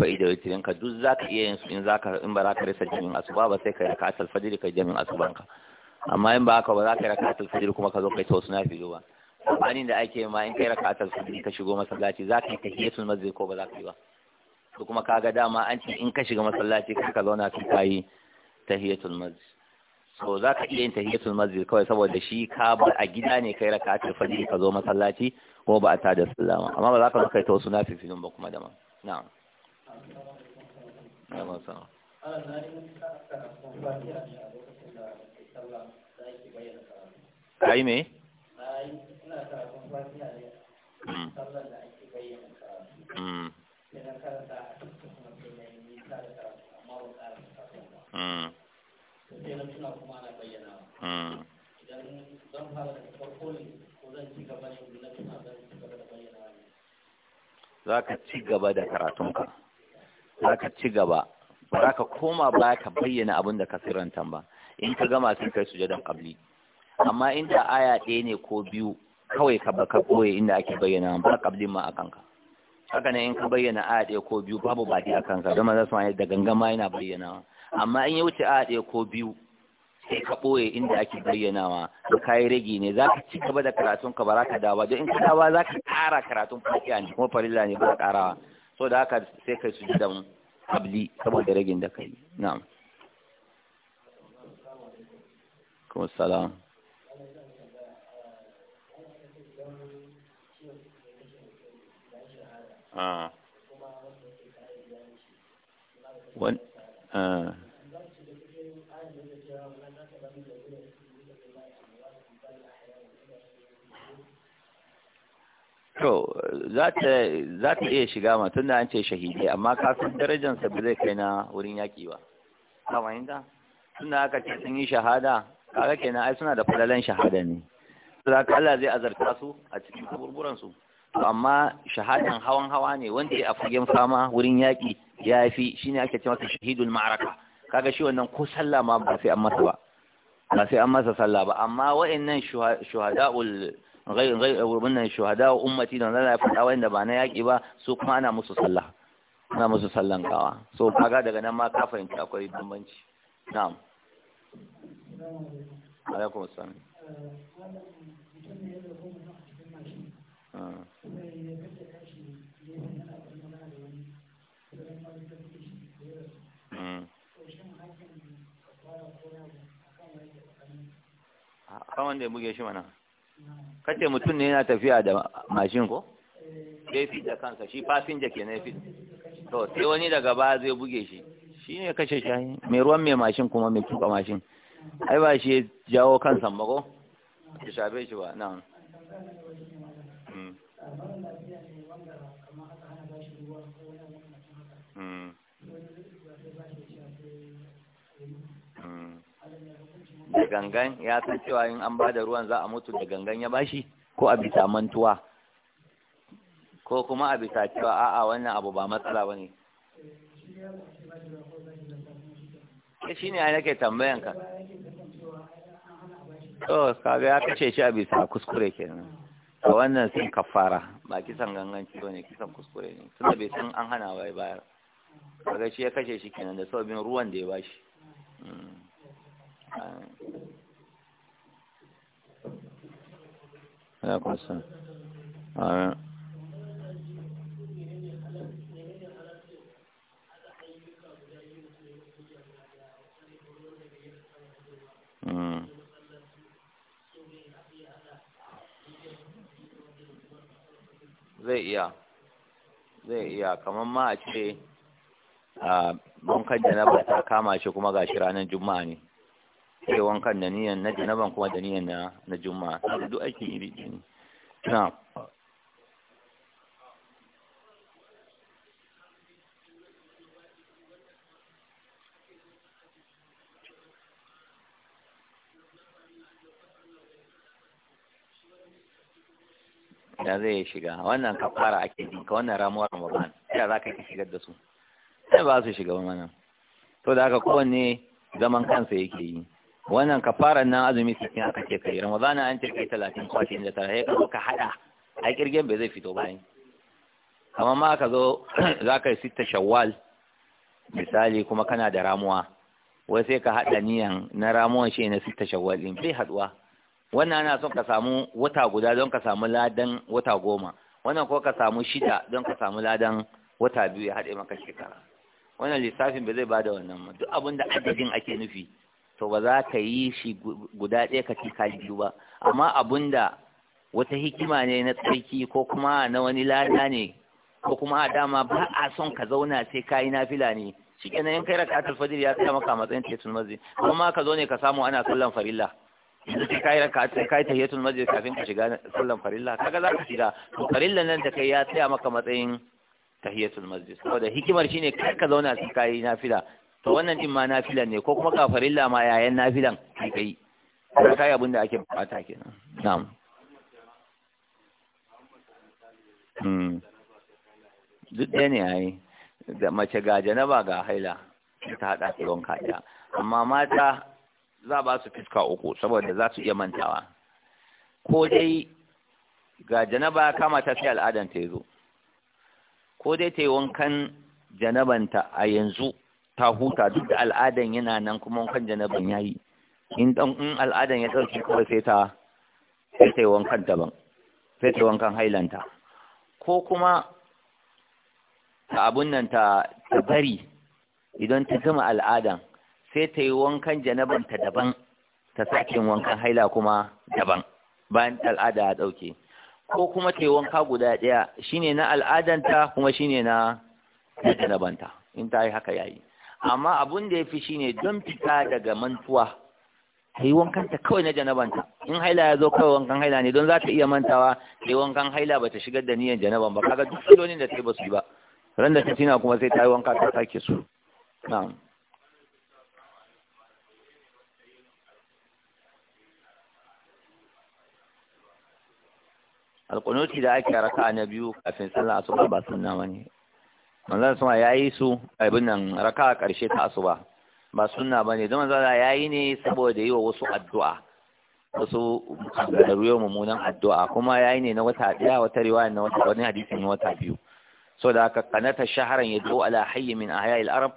S1: ba da witirin ka duk zaka iya yin su in zaka in ba zaka rasa jami'in asuba ba sai ka zakatul fajr ka jami'in asuban ka amma in ba haka ba zaka rakatul fajr kuma ka zo kai ta wasu na filo ba amfanin da ake ma in kai raka'atul subhi ka shigo masallaci za ka yi tahiyatul masjid ko ba za ka yi ba to kuma kaga dama an ce in ka shiga masallaci ka ka zauna ka yi tahiyatul masjid so za ka iya yin tahiyatul masjid kawai saboda shi ka ba a gida ne kai raka'atul fajr ka zo masallaci ko ba a tada sallama amma ba za ka kai ta wasu nafilin ba kuma dama na'am na'am sallallahu alaihi wasallam ai me ina mm. da ake ci gaba da ka karatunka za ka ci gaba ba za ka koma ba ka bayyana abin da ka siranta ba in ka gama sun kai sujadan qabli amma inda aya ɗaya ne ko biyu kawai ka baka koye inda ake bayyana ba kablin ma akan ka haka ne in ka bayyana a ɗaya ko biyu babu baki a ka don maza su da gangan ma yana bayyanawa amma in ya wuce a ɗaya ko biyu sai ka ɓoye inda ake bayyanawa da kayi rage ne za ka ci gaba da karatun ka ba za ka dawa don in ka dawa za ka ƙara karatun fatiha ne kuma farilla ne ba karawa, so da haka sai kai su ji da kabli saboda ragin da kai na'am kuma salam Ah. Ah. To, za ta iya shiga ma tun da an ce shahidai, amma kafin darajansa ba zai kai na wurin yaƙi ba. Kamahimta? Tun da aka ce sun yi shahada, kaga kenan ai suna da falalan shahada ne. Sura Allah zai azarta su a cikin kaburburansu. to amma shahadan hawan hawa ne wanda ya fagen fama wurin yaƙi ya fi shine ake cewa shahidul ma'araka kaga shi wannan ko sallah ma ba sai an masa ba ba sai an masa sallah ba amma wa'annan shuhada'ul ghayr ghayr wannan shuhada'u ummati da Allah ya faɗa wanda ba na yaƙi ba su kuma ana musu sallah ana musu sallan gawa so kaga daga nan ma ka fahimci akwai bambanci na'am alaikum assalam kan wanda ya buge shi mana kace mutum ne yana tafiya da mashin ko sai fi da kansa shi fasinja ke ne fi to sai wani daga ba zai buge shi shi ne kashe shayi mai ruwan mai mashin kuma mai tuka mashin ai ba shi ya jawo kansa ba ya shafe shi ba na. da gangan ya san cewa yin an ba da ruwan za a mutu da gangan ya bashi ko a bisa mantuwa ko kuma a bisa cewa a'a wannan abu ba matsala ba ne shi ne a tambayan ka to kaga ya kashe shi a bisa kuskure kenan to wannan sun kafara ba kisan gangan ba ne kisan kuskure ne tunda bai san an hana wai bayar kaga shi ya kashe shi kenan da sababin ruwan da ya bashi ya kusa zai iya zai iya kamar ma a ce wankan janaba ta kama shi kuma ga shi ranar juma'a ne sai wankan da niyan na janaban kuma da niyan na juma'a da duk aikin iri ne na da zai shiga wannan kafara ake jinka wannan ramuwar ramadan ya za ka shigar da su sai ba su shiga wannan to da haka kowanne zaman kansa yake yi wannan kafaran nan azumi sai aka ce kai ramadana an ce kai talatin ko inda da tara ka zo ka haɗa a kirgen bai zai fito bayan amma ma ka zo *clears throat* za ka yi sitta shawwal misali kuma kana da ramuwa wai sai ka haɗa niyan na ramuwan shi na sitta shawwal din bai haɗuwa wannan ana son ka samu wata guda don ka samu ladan wata goma wannan ko ka samu shida don ka samu ladan wata biyu ya haɗe maka shekara wannan lissafin ba zai bada wannan ma duk abinda adadin ake nufi to ba za ka yi shi guda ɗaya ka ci biyu ba amma abinda wata hikima ne na tsarki ko kuma na wani lada ne ko kuma a dama ba a son ka zauna sai ka yi nafila ne shi kenan in kai raka'atul fajr ya tsaya maka matsayin ta tahiyatul masjid kuma ka zo ne ka samu ana sallan farilla sai kai raka sai kai yatsun mazi kafin ka shiga sallan farilla kaga za ka shiga to farilla nan da kai ya tsaya maka matsayin tahiyatul masjid saboda hikimar shine kar ka zauna sai yi nafila to wannan din ma nafilan ne ko kuma la ma yayan nafilan kai kai ka yi abin da ake bukata kenan na'am hmm duk ɗaya ne ai da mace ga janaba ga haila ta haɗa su don kaya amma mata za ba su fiska uku saboda za su iya mantawa ko dai ga janaba kama ta sai al'adan ta ya zo ko dai ta yi wankan janabanta a yanzu ta huta duk da al'adan yana nan kuma wankan janaban ya yi in dan in al'adan ya ɗauki kawai sai ta sai ta yi wankan daban sai ta yi wankan hailanta ko kuma ta abun nan ta bari idan ta gama al'adan sai ta yi wankan janabanta daban ta sakin wankan haila kuma daban bayan al'ada ya ɗauke ko kuma ta yi wanka guda ɗaya Shi ne na al'adanta kuma shi ne na jarabanta in ta yi haka yayi amma abun da ya fi shi ne don fita daga mantuwa ta yi wankanta kawai na janabanta in haila ya zo kawai wankan haila ne don za ta iya mantawa ta yi wankan haila ba ta shigar da niyan janaban ba kaga duk salonin da ta yi ba su yi ba ran da ta tina kuma sai ta yi wanka ta sake su alƙunuti da ake raka na biyu kafin sallar asuba ba sunna manzan suna ya yi su abin nan raka a ƙarshe ta asuba ba sunna bane don manzon ya yi ne saboda yi wa wasu addu'a wasu gargaruwa mummunan addu'a kuma ya yi ne na wata ɗaya wata riwaya na wata wani hadisin wata biyu so da haka kanata shaharan zo ala hayy min a al-arab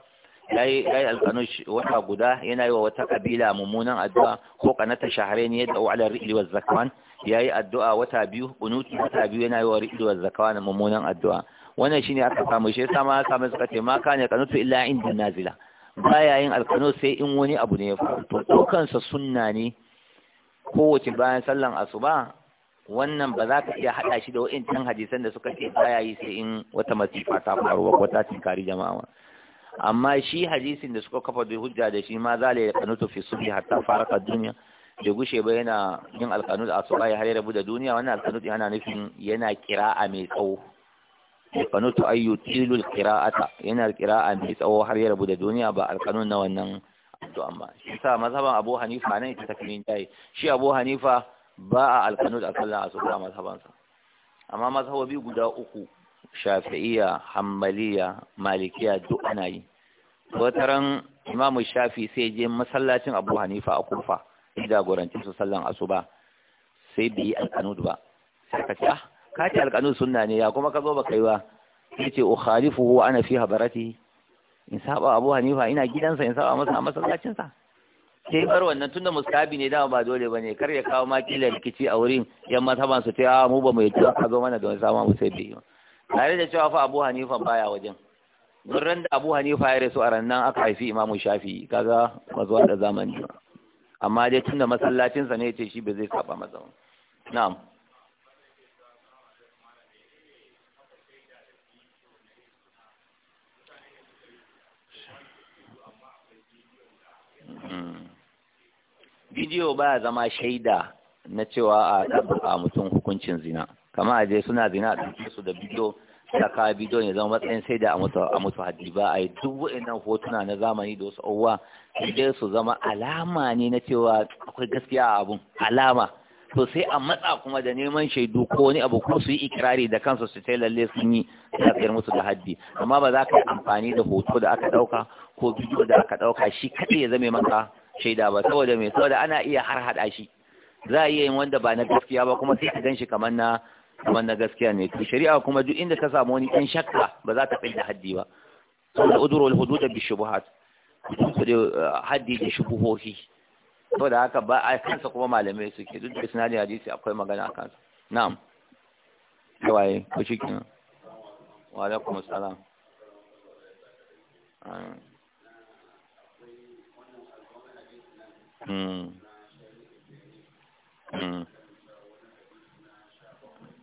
S1: yi yayi alƙanush wata guda yana yi wa wata ƙabila mummunan addu'a ko kanata shahareni yadu ala ri'li waz zakwan ya yi addu'a wata biyu Unutu wata biyu yana yi wa riɗuwar zakawa na mummunan addu'a wannan shine aka samu shi yasa ma aka suka ce ma kana kanutu illa inda nazila baya yin alkanu sai in wani abu ne ya faru to sunna ne kowace bayan sallan asuba wannan ba za ka iya haɗa shi da wa'incan hadisan da suka ce baya yi sai in wata masifa ta faru ko ta tinkari jama'a amma shi hadisin da suka kafa da hujja da shi ma zale kanutu fi subhi hatta faraka duniya da gushe ba yana yin alkanu da asuba ya har rabu da duniya wannan alkanud yana nufin yana kira'a mai tsawo alkanud to ayyu tilul qira'ata yana kira'a mai tsawo har ya rabu da duniya ba alkanud na wannan to amma shi sa mazhaban Abu Hanifa nan ta tafi tayi shi Abu Hanifa ba a alkanu da sallan a mazhaban sa amma mazhabobi guda uku Shafi'iyya, Hanbaliya, Malikiya duk ana yi
S5: wataran
S1: Imam Shafi sai je masallacin Abu Hanifa a Kufa ya jagoranci su sallan asuba sai bai yi alqanud ba sai ah, ka ce ka ce alqanud sunna ne ya kuma ka zo ba kai ba sai ce ukhalifuhu ana fi habarati in saba Abu Hanifa ina gidansa in saba masa a masallacin sa sai bar wannan tunda mustabi ne dama ba dole bane kar ya kawo makila rikici a wurin yan mazhaban su ce a ah, mu ba mu yi ka zo mana don sama mu sai bai tare da cewa fa Abu Hanifa baya wajen don da Abu Hanifa ya rasu a rannan aka haifi imamu shafi kaga mazuwa da zamani amma dai tunda masallacinsa ne ce shi ba zai saba masa na'am hmm. bidiyo baya zama shaida na cewa a mutum hukuncin zina kama aje suna zina a ɗauke su da bidiyo saka bidiyon ya zama matsayin sai da a musu haddi ba a yi duk waɗannan hotuna na zamani da wasu uwa da su zama alama ne na cewa akwai gaskiya a abun alama to sai a matsa kuma da neman shaidu ko wani abu ko su yi ikirari da kansu su sai lalle sun yi yi musu da haddi amma ba za ka yi amfani da hoto da aka ɗauka ko bidiyo da aka ɗauka shi kaɗai ya zame maka shaida ba saboda mai saboda ana iya har haɗa shi za a iya yin wanda ba na gaskiya ba kuma sai ka gan shi kamar na kuma na gaskiya ne shari'a kuma duk inda ka samu wani ɗan shakka ba za ta da haddi ba saboda wal hudud bi shubuhat eh, haddi da shubuhohi saboda haka ba a kansa kuma malamai suke duk da sunan hadisi akwai magana a kansa na'am kawai ko shi kin wa alaikum assalam Mm. hmm, hmm.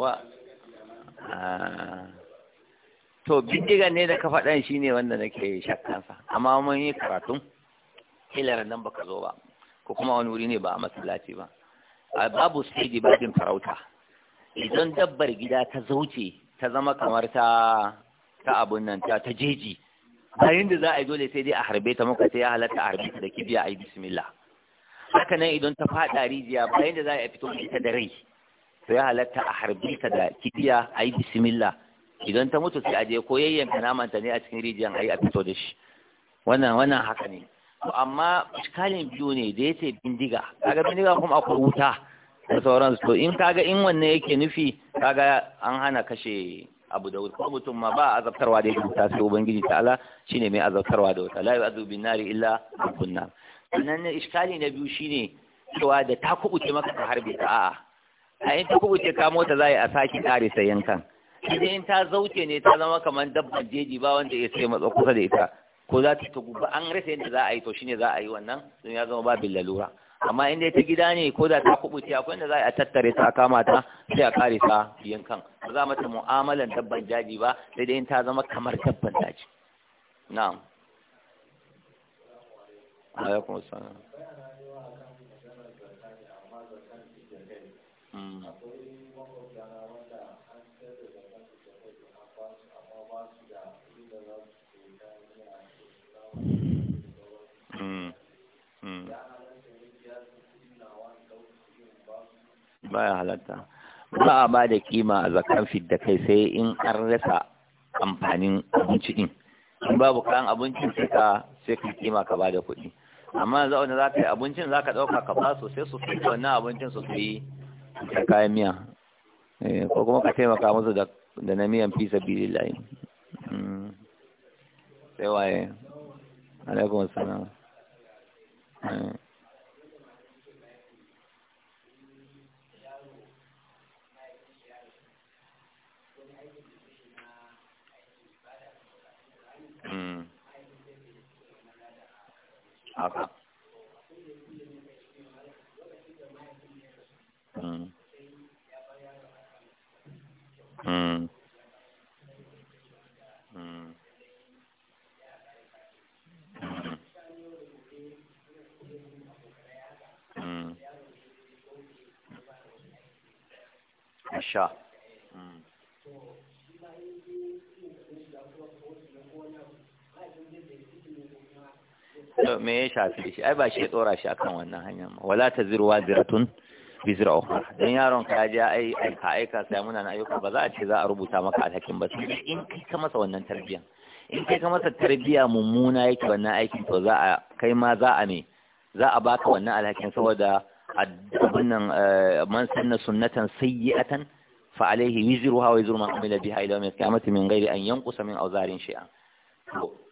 S1: wa ah. to bindiga ne da ka faɗan shi ne wanda nake shakkansa amma mun yi karatun hilar nan baka zo ba ko kuma wani wuri ne ba a masallaci ba a babu sai babin farauta idan dabbar gida ta zauce ta zama kamar ta ta abun nan ta ta jeji bayan da za a yi dole sai dai a harbe ta muka sai ya halatta a harbe ta da kibiya a yi bismillah haka nan idan ta faɗa rijiya bayan da za a fito da ita da rai to ya halatta a harbi ta da kibiya a yi bismillah idan ta mutu sai a je ko yayyanka namanta ne a cikin rijiyan a yi a fito da shi wannan wannan haka ne to amma iskalin biyu ne da ya bindiga kaga bindiga kuma akwai wuta da sauransu to in kaga in wanne yake nufi kaga an hana kashe abu da wuta mutum ma ba azabtarwa da yake wuta sai ubangiji ta'ala shine mai azabtarwa da wuta la yu'adhu bin nari illa kunna sannan ne iskali na biyu shine cewa da ta kubuce maka ka harbe ta a'a a yin ta kubuce kama mota za a yi sake kare ta yankan idan in ta zauce ne ta zama kamar dabbar jeji ba wanda ya sai matsa kusa da ita ko za ta ta guba an rasa yadda za a yi to shine za a yi wannan don ya zama babin lalura amma in ta gida ne ko da ta kubuce akwai inda za a tattare ta a kama ta sai a kare ta yankan ba za mata mu'amalan dabban jaji ba sai dai in ta zama kamar dabban daji baya halatta ba a ba da kima a zakan fidda kai sai in an rasa amfanin abinci din in babu kayan abincin sai ka sai ka kima ka ba da kuɗi amma za wani za ka yi abincin za ka ɗauka ka ba sosai su fi wannan abincin su fi da kayan miya eh, ko kuma ka taimaka musu da na miyan fi sabi lillahi hmm. sai waye alaikum assalam eh.
S5: haka
S3: hmm. hmm. hmm. sha me ya shafi shi ai ba shi ya tsora shi akan
S1: wannan hanyar ma wala ta zirwa ziratun bizra ukhra dan yaron ka je ai aika aika sai muna na ayyuka ba za a ce za a rubuta maka alhakin ba sai in kai ka masa wannan tarbiya in kai ka masa tarbiya mummuna yake wannan aikin to za a kai ma za a ne za a baka wannan alhakin saboda wannan eh, man sanna sunnatan sayyi'atan fa alaihi wizruha wa wizru man amila biha ila yawm al-qiyamati min ghairi an yanqusa min awzarin shay'a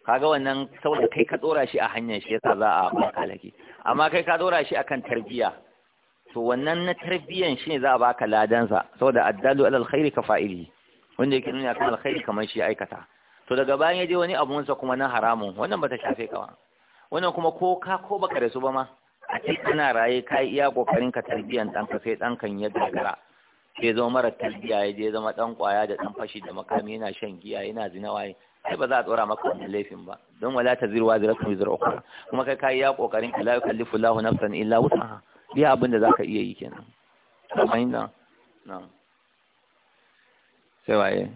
S1: kaga wannan saboda kai ka dora shi a hanyar shi yasa za a baka laki amma kai ka dora shi akan tarbiya to wannan na tarbiyan shine za a baka ladansa saboda addalu alal khairi ka fa'ili wanda yake nuna kan alkhairi kamar shi aikata to daga bayan ya je wani sa kuma na haramun wannan bata shafe ka wannan kuma ko ka ko baka da su ba ma a ce kana raye ka yi iya kokarin ka tarbiyan ka sai kan ya gara. sai zama mara tarbiya ya je zama ɗan kwaya da dan fashi da makami yana shan giya yana zina waye ai ba za a tsora maka wannan laifin ba don wala zirwa waziratun zira ukhra kuma kai kai ya kokarin ka la yukallifu Allahu nafsan illa wus'aha biya abin da zaka iya yi kenan kamar na sai waye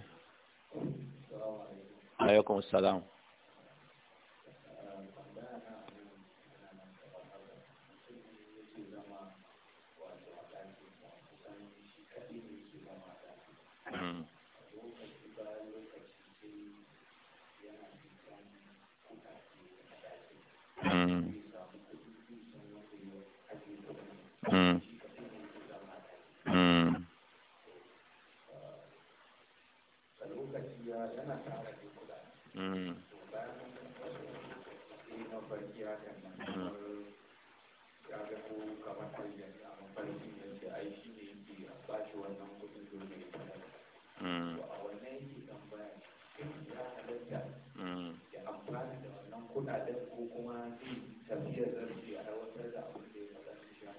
S2: lokaci ya yana tara da kuɗa mm. bayan yi mafarki ya mm. kan ya ga ko kamar hanyar a mafarki da ke ai shi ne yake ba bashi wannan kuɗin dole ya fara a wannan yake tambaya ya halatta mm. ya amfani da wannan kuɗaɗen ko kuma zai tafiyar zarfi a rawatar da abin da ya faɗa shi ya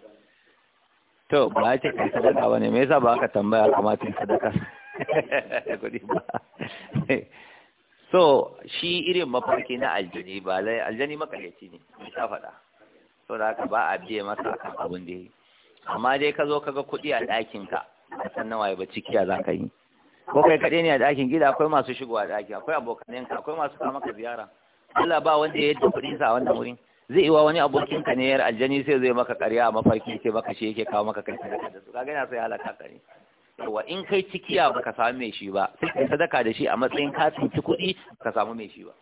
S1: to ba ya ce kai sadaka ba ne me yasa ba ka tambaya kamata sadaka *laughs* kuɗi ba so shi irin mafarki na aljani ba lai aljani makaryaci ne ta faɗa so da ka ba a biye masa a abin da yi amma dai ka zo kaga kuɗi a ɗakinka. ka san nawa ya ba cikiya za ka yi ko kai kaɗe ne a ɗakin gida akwai masu shigowa a ɗakin akwai abokanenka akwai masu kama ka ziyara Allah ba wanda ya yi kuɗin sa a wannan wurin zai iwa wani abokin ka ne yar aljani sai zai maka ƙarya a mafarki sai baka shi yake kawo maka kai da su kaga yana sai halaka ka ne wa in kai cikiya baka samu mai shi ba sai kai sadaka da shi a matsayin ka tsinci kuɗi ka samu mai shi ba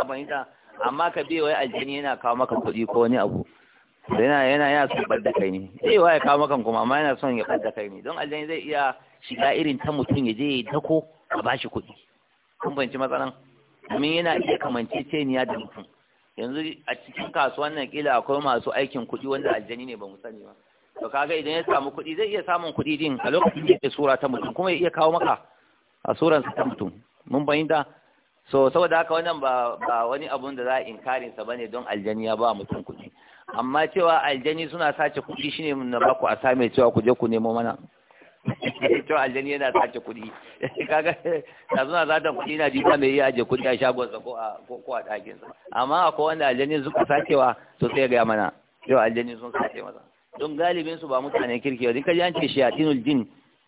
S1: amma ita amma ka bai wai aljini yana kawo maka kuɗi ko wani abu yana yana yana son ɓadda kai ne bai wai ya kawo maka kuma amma yana son ya ɓadda kai ne don aljini zai iya shiga irin ta mutum ya je ya dako a bashi kuɗi kun banci matsalan domin yana iya kamance kamanceceniya da mutum yanzu a cikin kasuwan nan kila akwai masu aikin kuɗi wanda aljini ne ba mu sani ba to kaga idan ya samu kuɗi zai iya samun kuɗi din a lokacin da ya sura ta mutum kuma ya iya kawo maka a suran ta mutum mun bayyana so saboda haka wannan ba ba wani abun da za a inkarin sa bane don aljani ya ba mutum kuɗi amma cewa aljani suna sace kuɗi shine mun ba ku a same cewa ku je ku nemo mana to *laughs* aljani yana sace kuɗi *laughs* kaga da suna ta kuɗi na ba mai iya je kuɗi a shagonsa ko a ko a ɗakinsa amma akwai wanda aljani suka sacewa to sai ga mana cewa aljani sun sace masa don galibin su ba mutane kirki ba dika an ce shayatinul jin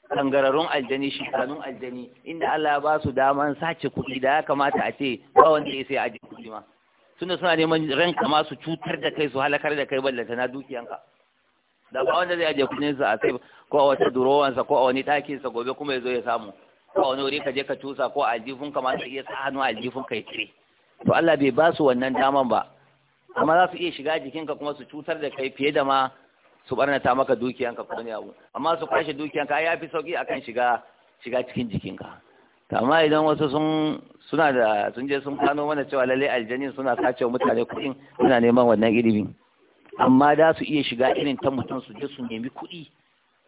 S1: kangararrun aljani shikanun aljani inda Allah ba su daman sace kuɗi da ya kamata a ce ba wanda ya sai aje kuɗi ma tunda suna neman ranka ma su cutar da kai su halakar da kai ballanta na dukiyanka da ba wanda zai aje kuɗin sa a sai ko a wata durowansa ko a wani ɗakin sa gobe kuma ya zo ya samu ko a wani wuri ka je ka tusa ko a aljifun ka ma sai iya sa hannu a aljifun ka ya cire to Allah bai ba su wannan daman ba amma za su iya shiga jikinka kuma su cutar da kai fiye da ma su barnata maka dukiyanka ko ne abu amma su kwashe dukiyanka ya fi sauki akan shiga shiga cikin jikinka amma idan wasu sun suna da sun je sun kano mana cewa lalle aljanin suna kacewa mutane kuɗin suna neman wannan ilimin amma da su iya shiga irin ta mutum su je su nemi kuɗi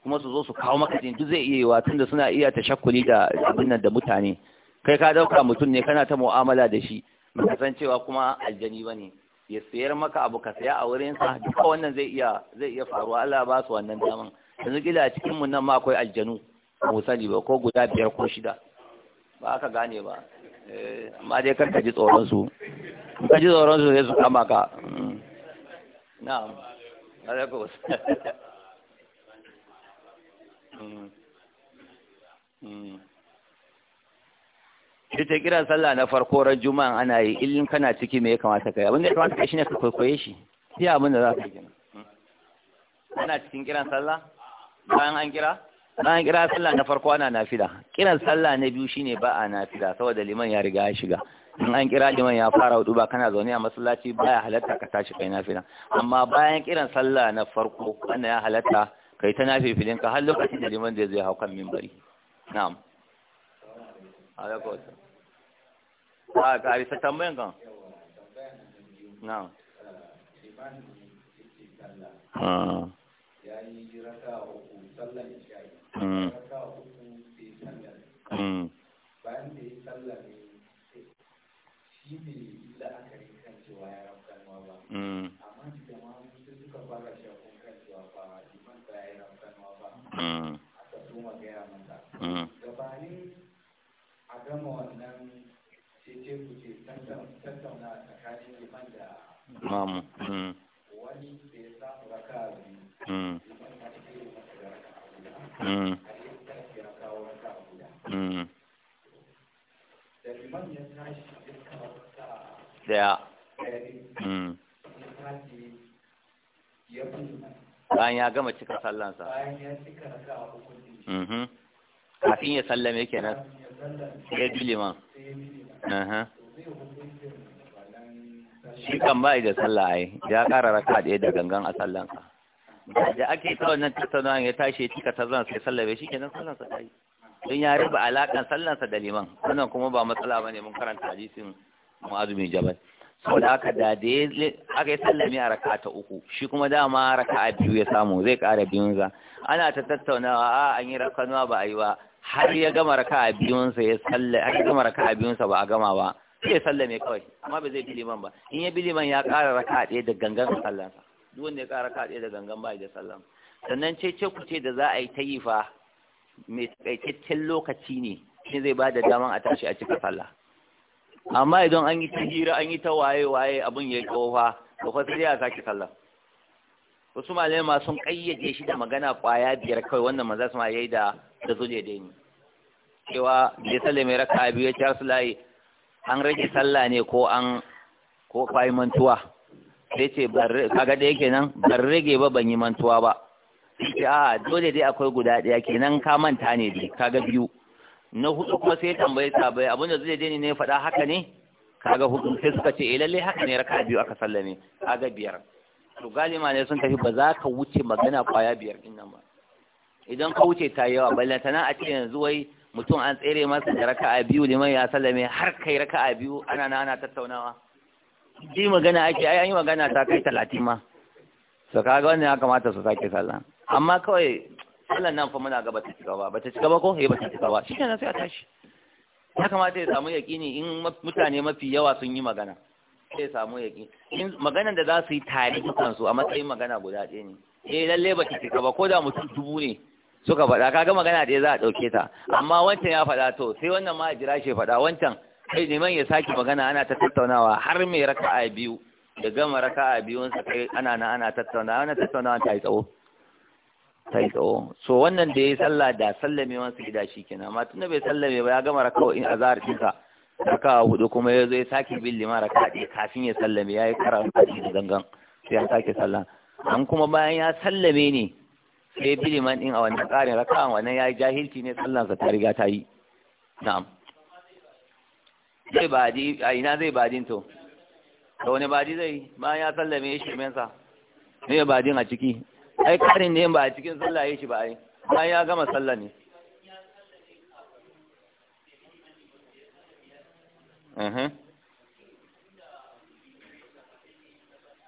S1: kuma su zo su kawo maka din duk zai iya yiwa tunda suna iya tashakkuli da abin nan da mutane kai ka dauka mutum ne kana ta mu'amala da shi baka san cewa kuma aljani bane ya sayar maka abu ka saya a wurin sa duka wannan zai iya zai iya faruwa Allah ba su wannan daman yanzu kila a cikin mu nan ma akwai aljanu sani ba ko guda biyar ko shida ba aka gane ba eh, amma dai kar ka ji tsoron su in ka ji tsoron su sai su kama ka mm. na'am alaikum *laughs* mm mm ita kira sallah na farko ran juma'a ana yi in kana ciki me ya kamata kai abin da ya kamata kai shine ka kwaikwaye shi sai abin da za ka yi ana cikin kiran sallah bayan an kira bayan kira sallah na farko ana nafila kiran sallah na biyu shine ba a nafila saboda liman ya riga ya shiga in an kira liman ya fara hudu ba kana zaune a masallaci baya halatta ka tashi kai nafila amma bayan kiran sallah na farko wannan ya halatta kai ta nafifilin ka har lokacin da liman zai zai hau kan minbari na'am kota. a ah, karisa tambayan kan na
S2: ya bayan da ya sallan la'akari kan cewa ya rafkan fara shafin kan ba liman ta ya rafkan ma a gama wannan ku ce da wani ya samu raka biyu liman ta yi masa da raka a yi ya kawo raka da liman ya tashi daya ya
S1: hmm. bayan ya gama cika sallansa bayan
S2: ya cika raka
S1: kafin ya sallame kenan
S2: sai ya bi liman
S1: shi kan ba da sallah ai ya ƙara raka ɗaya da gangan a sallanka da ake tsawon nan tattaunawa ya tashi ya cika ta zan sai sallah bai nan sallan sa dai don ya riba alaƙan sallan sa da liman wannan kuma ba matsala ba ne mun karanta hadisin Mu'adh bin Sau da haka da da aka yi sallami a raka ta uku shi kuma dama raka a biyu ya samu zai ƙara biyun za ana ta tattaunawa a an yi rakanuwa ba a yi ba har ya gama raka a biyunsa ya salla har ya gama raka a biyunsa ba a gama ba sai ya salla mai kawai amma ba zai bi liman ba in ya bi liman ya ƙara raka ɗaya da gangan sallansa duk wanda ya ƙara raka ɗaya da gangan ba da sallan sannan ce ce ku ce da za a yi ta yi fa mai takaitaccen lokaci ne shi zai ba da daman a tashi a cika sallah amma idan an yi ta hira an yi ta waye waye abin ya yi kofa to fa sai ya sake sallah wasu malamai ma sun kayyade shi da magana kwaya biyar kawai wannan manzo ma yayi da da zuje da ni cewa da sallah mai raka'a biyu ya sallahi an rage sallah ne ko an ko kwayi mantuwa sai ce kaga da yake nan ban rage ba ban yi mantuwa ba sai a dole dai akwai guda daya kenan ka manta ne dai kaga biyu na hudu kuma sai tambaye bai abin da zai dani ne faɗa haka ne kaga hudu sai suka ce eh lalle haka ne raka'a biyu aka sallame kaga biyar to ma ne sun tafi ba za ka wuce magana kwaya biyar din nan ba idan ka wuce ta yawa tana a ce yanzu wai mutum an tsere masa da raka'a biyu liman ya sallame har kai raka'a biyu ana na ana tattaunawa ji magana ake ai an yi magana ta kai talatin ma to kaga wannan ya kamata su sake sallah amma kawai sallan nan fa muna ga bata cika ba bata cika ba ko eh bata cika ba ne sai a tashi ya kamata ya samu yaƙini in mutane mafi yawa sun yi magana sai samu yaki in maganan da za su yi tare kansu a matsayin magana guda ɗaya ne eh lalle ba ki ka ba ko da mutum dubu ne suka faɗa kaga magana ɗaya za a ɗauke ta amma wancan ya faɗa to sai wannan ma jira shi faɗa wancan kai neman ya sake magana ana ta tattaunawa har mai raka'a biyu da gama raka'a biyun sa kai ana na ana tattaunawa ana tattaunawa ta yi tsawo ta yi tsawo so wannan da ya yi sallah da sallame wansu gida shi kenan amma tun da bai sallame ba ya gama raka'a in azhar ɗinka. raka hudu kuma ya zo ya sake bin lima raka ɗaya kafin ya sallame ya yi kara kashi da gangan sai ya sake sallah an kuma bayan ya sallame ne sai ya bi ɗin a wani ƙarin raka a wannan ya yi jahilci ne sallansa ta riga ta yi na'am zai baji a ina zai bajin to da wani baji zai bayan ya sallame ya sa. ne bajin a ciki ai karin ne ba a cikin sallah ya shi ba ai bayan ya gama sallah ne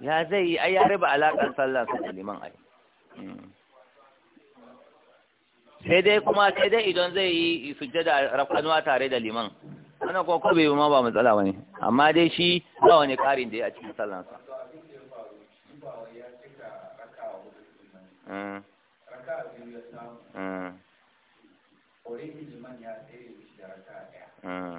S1: ya zai yi ai ya riba alaƙar sallah su da liman ai hmm. sai dai kuma sai dai idan zai yi da rafanuwa tare da liman ana kuma kobe ma ba matsala wani amma dai shi ba wani ƙarin da ya a cikin sallansa
S2: Mm.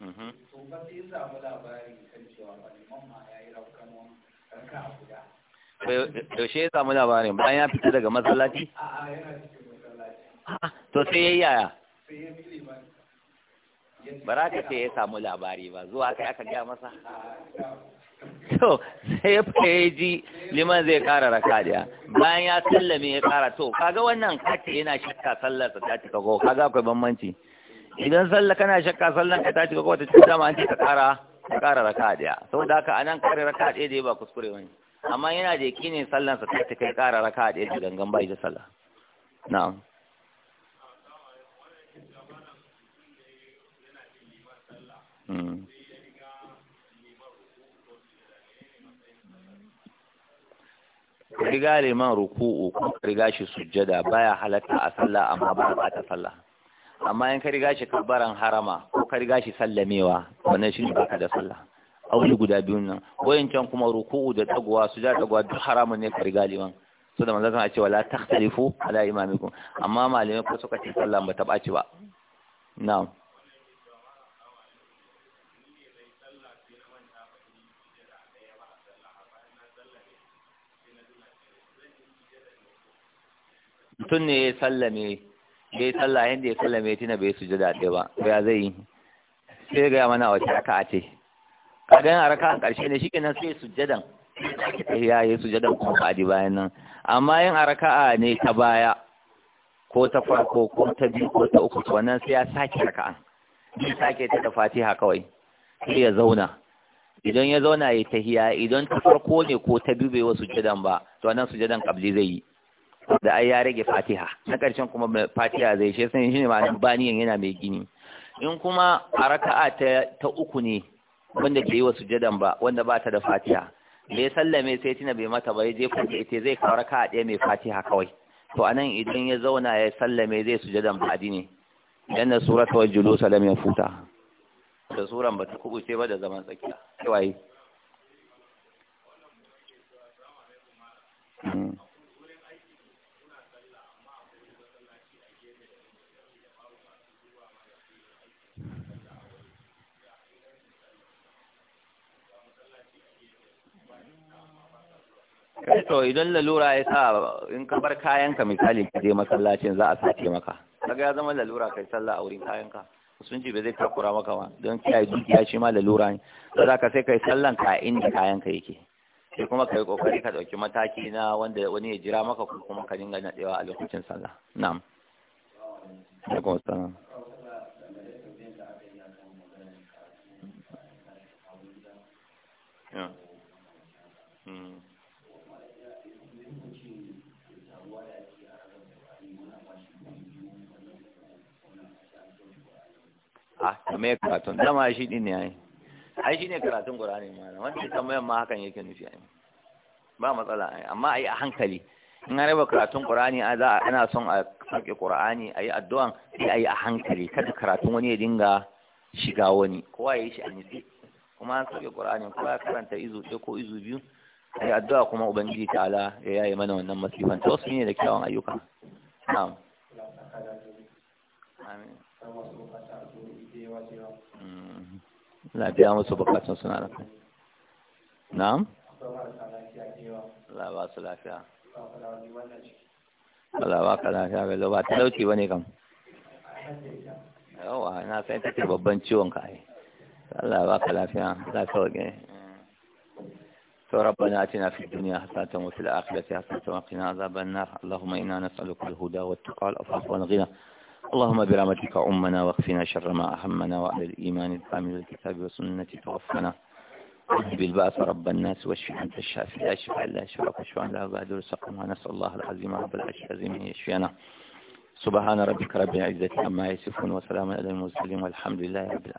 S2: to mm-hmm. ya
S1: yaushe ya samu labarin bayan ya fita daga masallaci? To sai ya yi yaya? Sai ya bara ka ce ya samu labari ba zuwa kai aka gaya masa to sai ya fara ji liman zai kara raka daya bayan ya sallame ya kara to kaga wannan kake yana shakka sallar ta cika ko kaga akwai bambanci idan sallah kana shakka sallan ka ta ko ta cika dama an ce ka kara ka kara raka'a daya saboda haka anan kare raka'a daya da ba kuskure wani amma yana da ne sallan sa ta kai kara raka'a daya da gangan ba ita sallah na'am hmm. riga liman ruku'u ko riga shi sujjada baya halatta a sallah amma ba ta sallah amma in ka riga shi kabbaran harama ko ka riga shi sallamewa wannan shi ne baka da sallah auli guda biyun nan can kuma ruku'u da dagowa su da dagowa duk haramun ne ka riga liman so da manzon a ce wala takhtalifu ala imamikum amma malamai ko suka ce sallah ba ta baci ba na'am mutum ne ya sallame bai sallah da ya sallame tuna bai sujada ɗaya ba ba ya zai yi sai ga mana wace a ce A raka a ƙarshe ne shi kenan sai sujadan ya yi sujadan kuma fadi bayan nan amma yin a ne ta baya ko ta farko ko ta biyu ko ta uku wannan sai ya sake a ya sake ta da fatiha kawai sai ya zauna idan ya zauna ya tahiya idan ta farko ne ko ta biyu bai wa sujadan ba to su sujadan kabli zai yi da ai ya rage fatiha na ƙarshen kuma fatiha zai shi sun shi ne ma baniyan yana mai gini in kuma a raka'a ta uku ne wanda ke yi wa sujadan ba wanda ba ta da fatiha me sallame sai tuna bai mata ba ya je kuma ita zai kawo raka'a ɗaya mai fatiha kawai to anan idan ya zauna ya sallame zai sujadan ba ne dan surata suratul julus lam yafuta da suran ba ta kubuce ba da zaman tsakiya sai waye Eh, to idan lalura ya sa in ka bar kayanka misali ka je masallacin za a sace maka kaga ya zama lalura kai sallah a wurin kayanka musulunci ba zai takura maka ba don kiyaye dukiya shi ma lalura ne za ka sai kai sallan ka inda kayanka yake
S5: sai kuma kai kokari ka
S1: dauki mataki na wanda wani ya jira maka ko kuma ka dinga nadewa a lokacin sallah na'am
S3: Yeah. Mm.
S1: a ah, kamar karatun dama shi din ne ai ai shi ne karatun qur'ani malam wanda tambayan ma hakan yake nufi ai ba matsala ai amma ai a hankali in an raba karatun qur'ani a za ana son a sauke qur'ani ai addu'an sai ai a hankali kada karatun wani ya dinga shiga wani kowa ya yi shi a nitsi kuma an sauke qur'ani kowa ya karanta izu ɗaya ko izu biyu ai addu'a kuma ubangiji ta'ala ya yaye mana wannan masifan ta wasu ne da kyawun ayyuka na'am
S2: amin Lafiya
S1: mm-hmm. masu musu bukatun suna da kai na'am Allah ba su lafiya Allah ba ka lafiya ga ba talauci ba ne kam yawa na sai take babban ciwon ka ai Allah ba ka lafiya za wage to ربنا في الدنيا حسنة وفي الآخرة حسنة وقنا عذاب النار اللهم إنا نسألك الهدى والتقى والعفو والغنى اللهم برحمتك أمنا واغفنا شر ما أهمنا وأهل الإيمان الكامل والكتاب والسنة توفنا بالبعث رب الناس واشفي أنت الشافي لا شفع إلا شفعك واشفع لا بعد سقم نسأل الله العظيم رب العرش العظيم أن يشفينا سبحان ربك رب العزة عما يصفون وسلام على المرسلين والحمد لله رب العالمين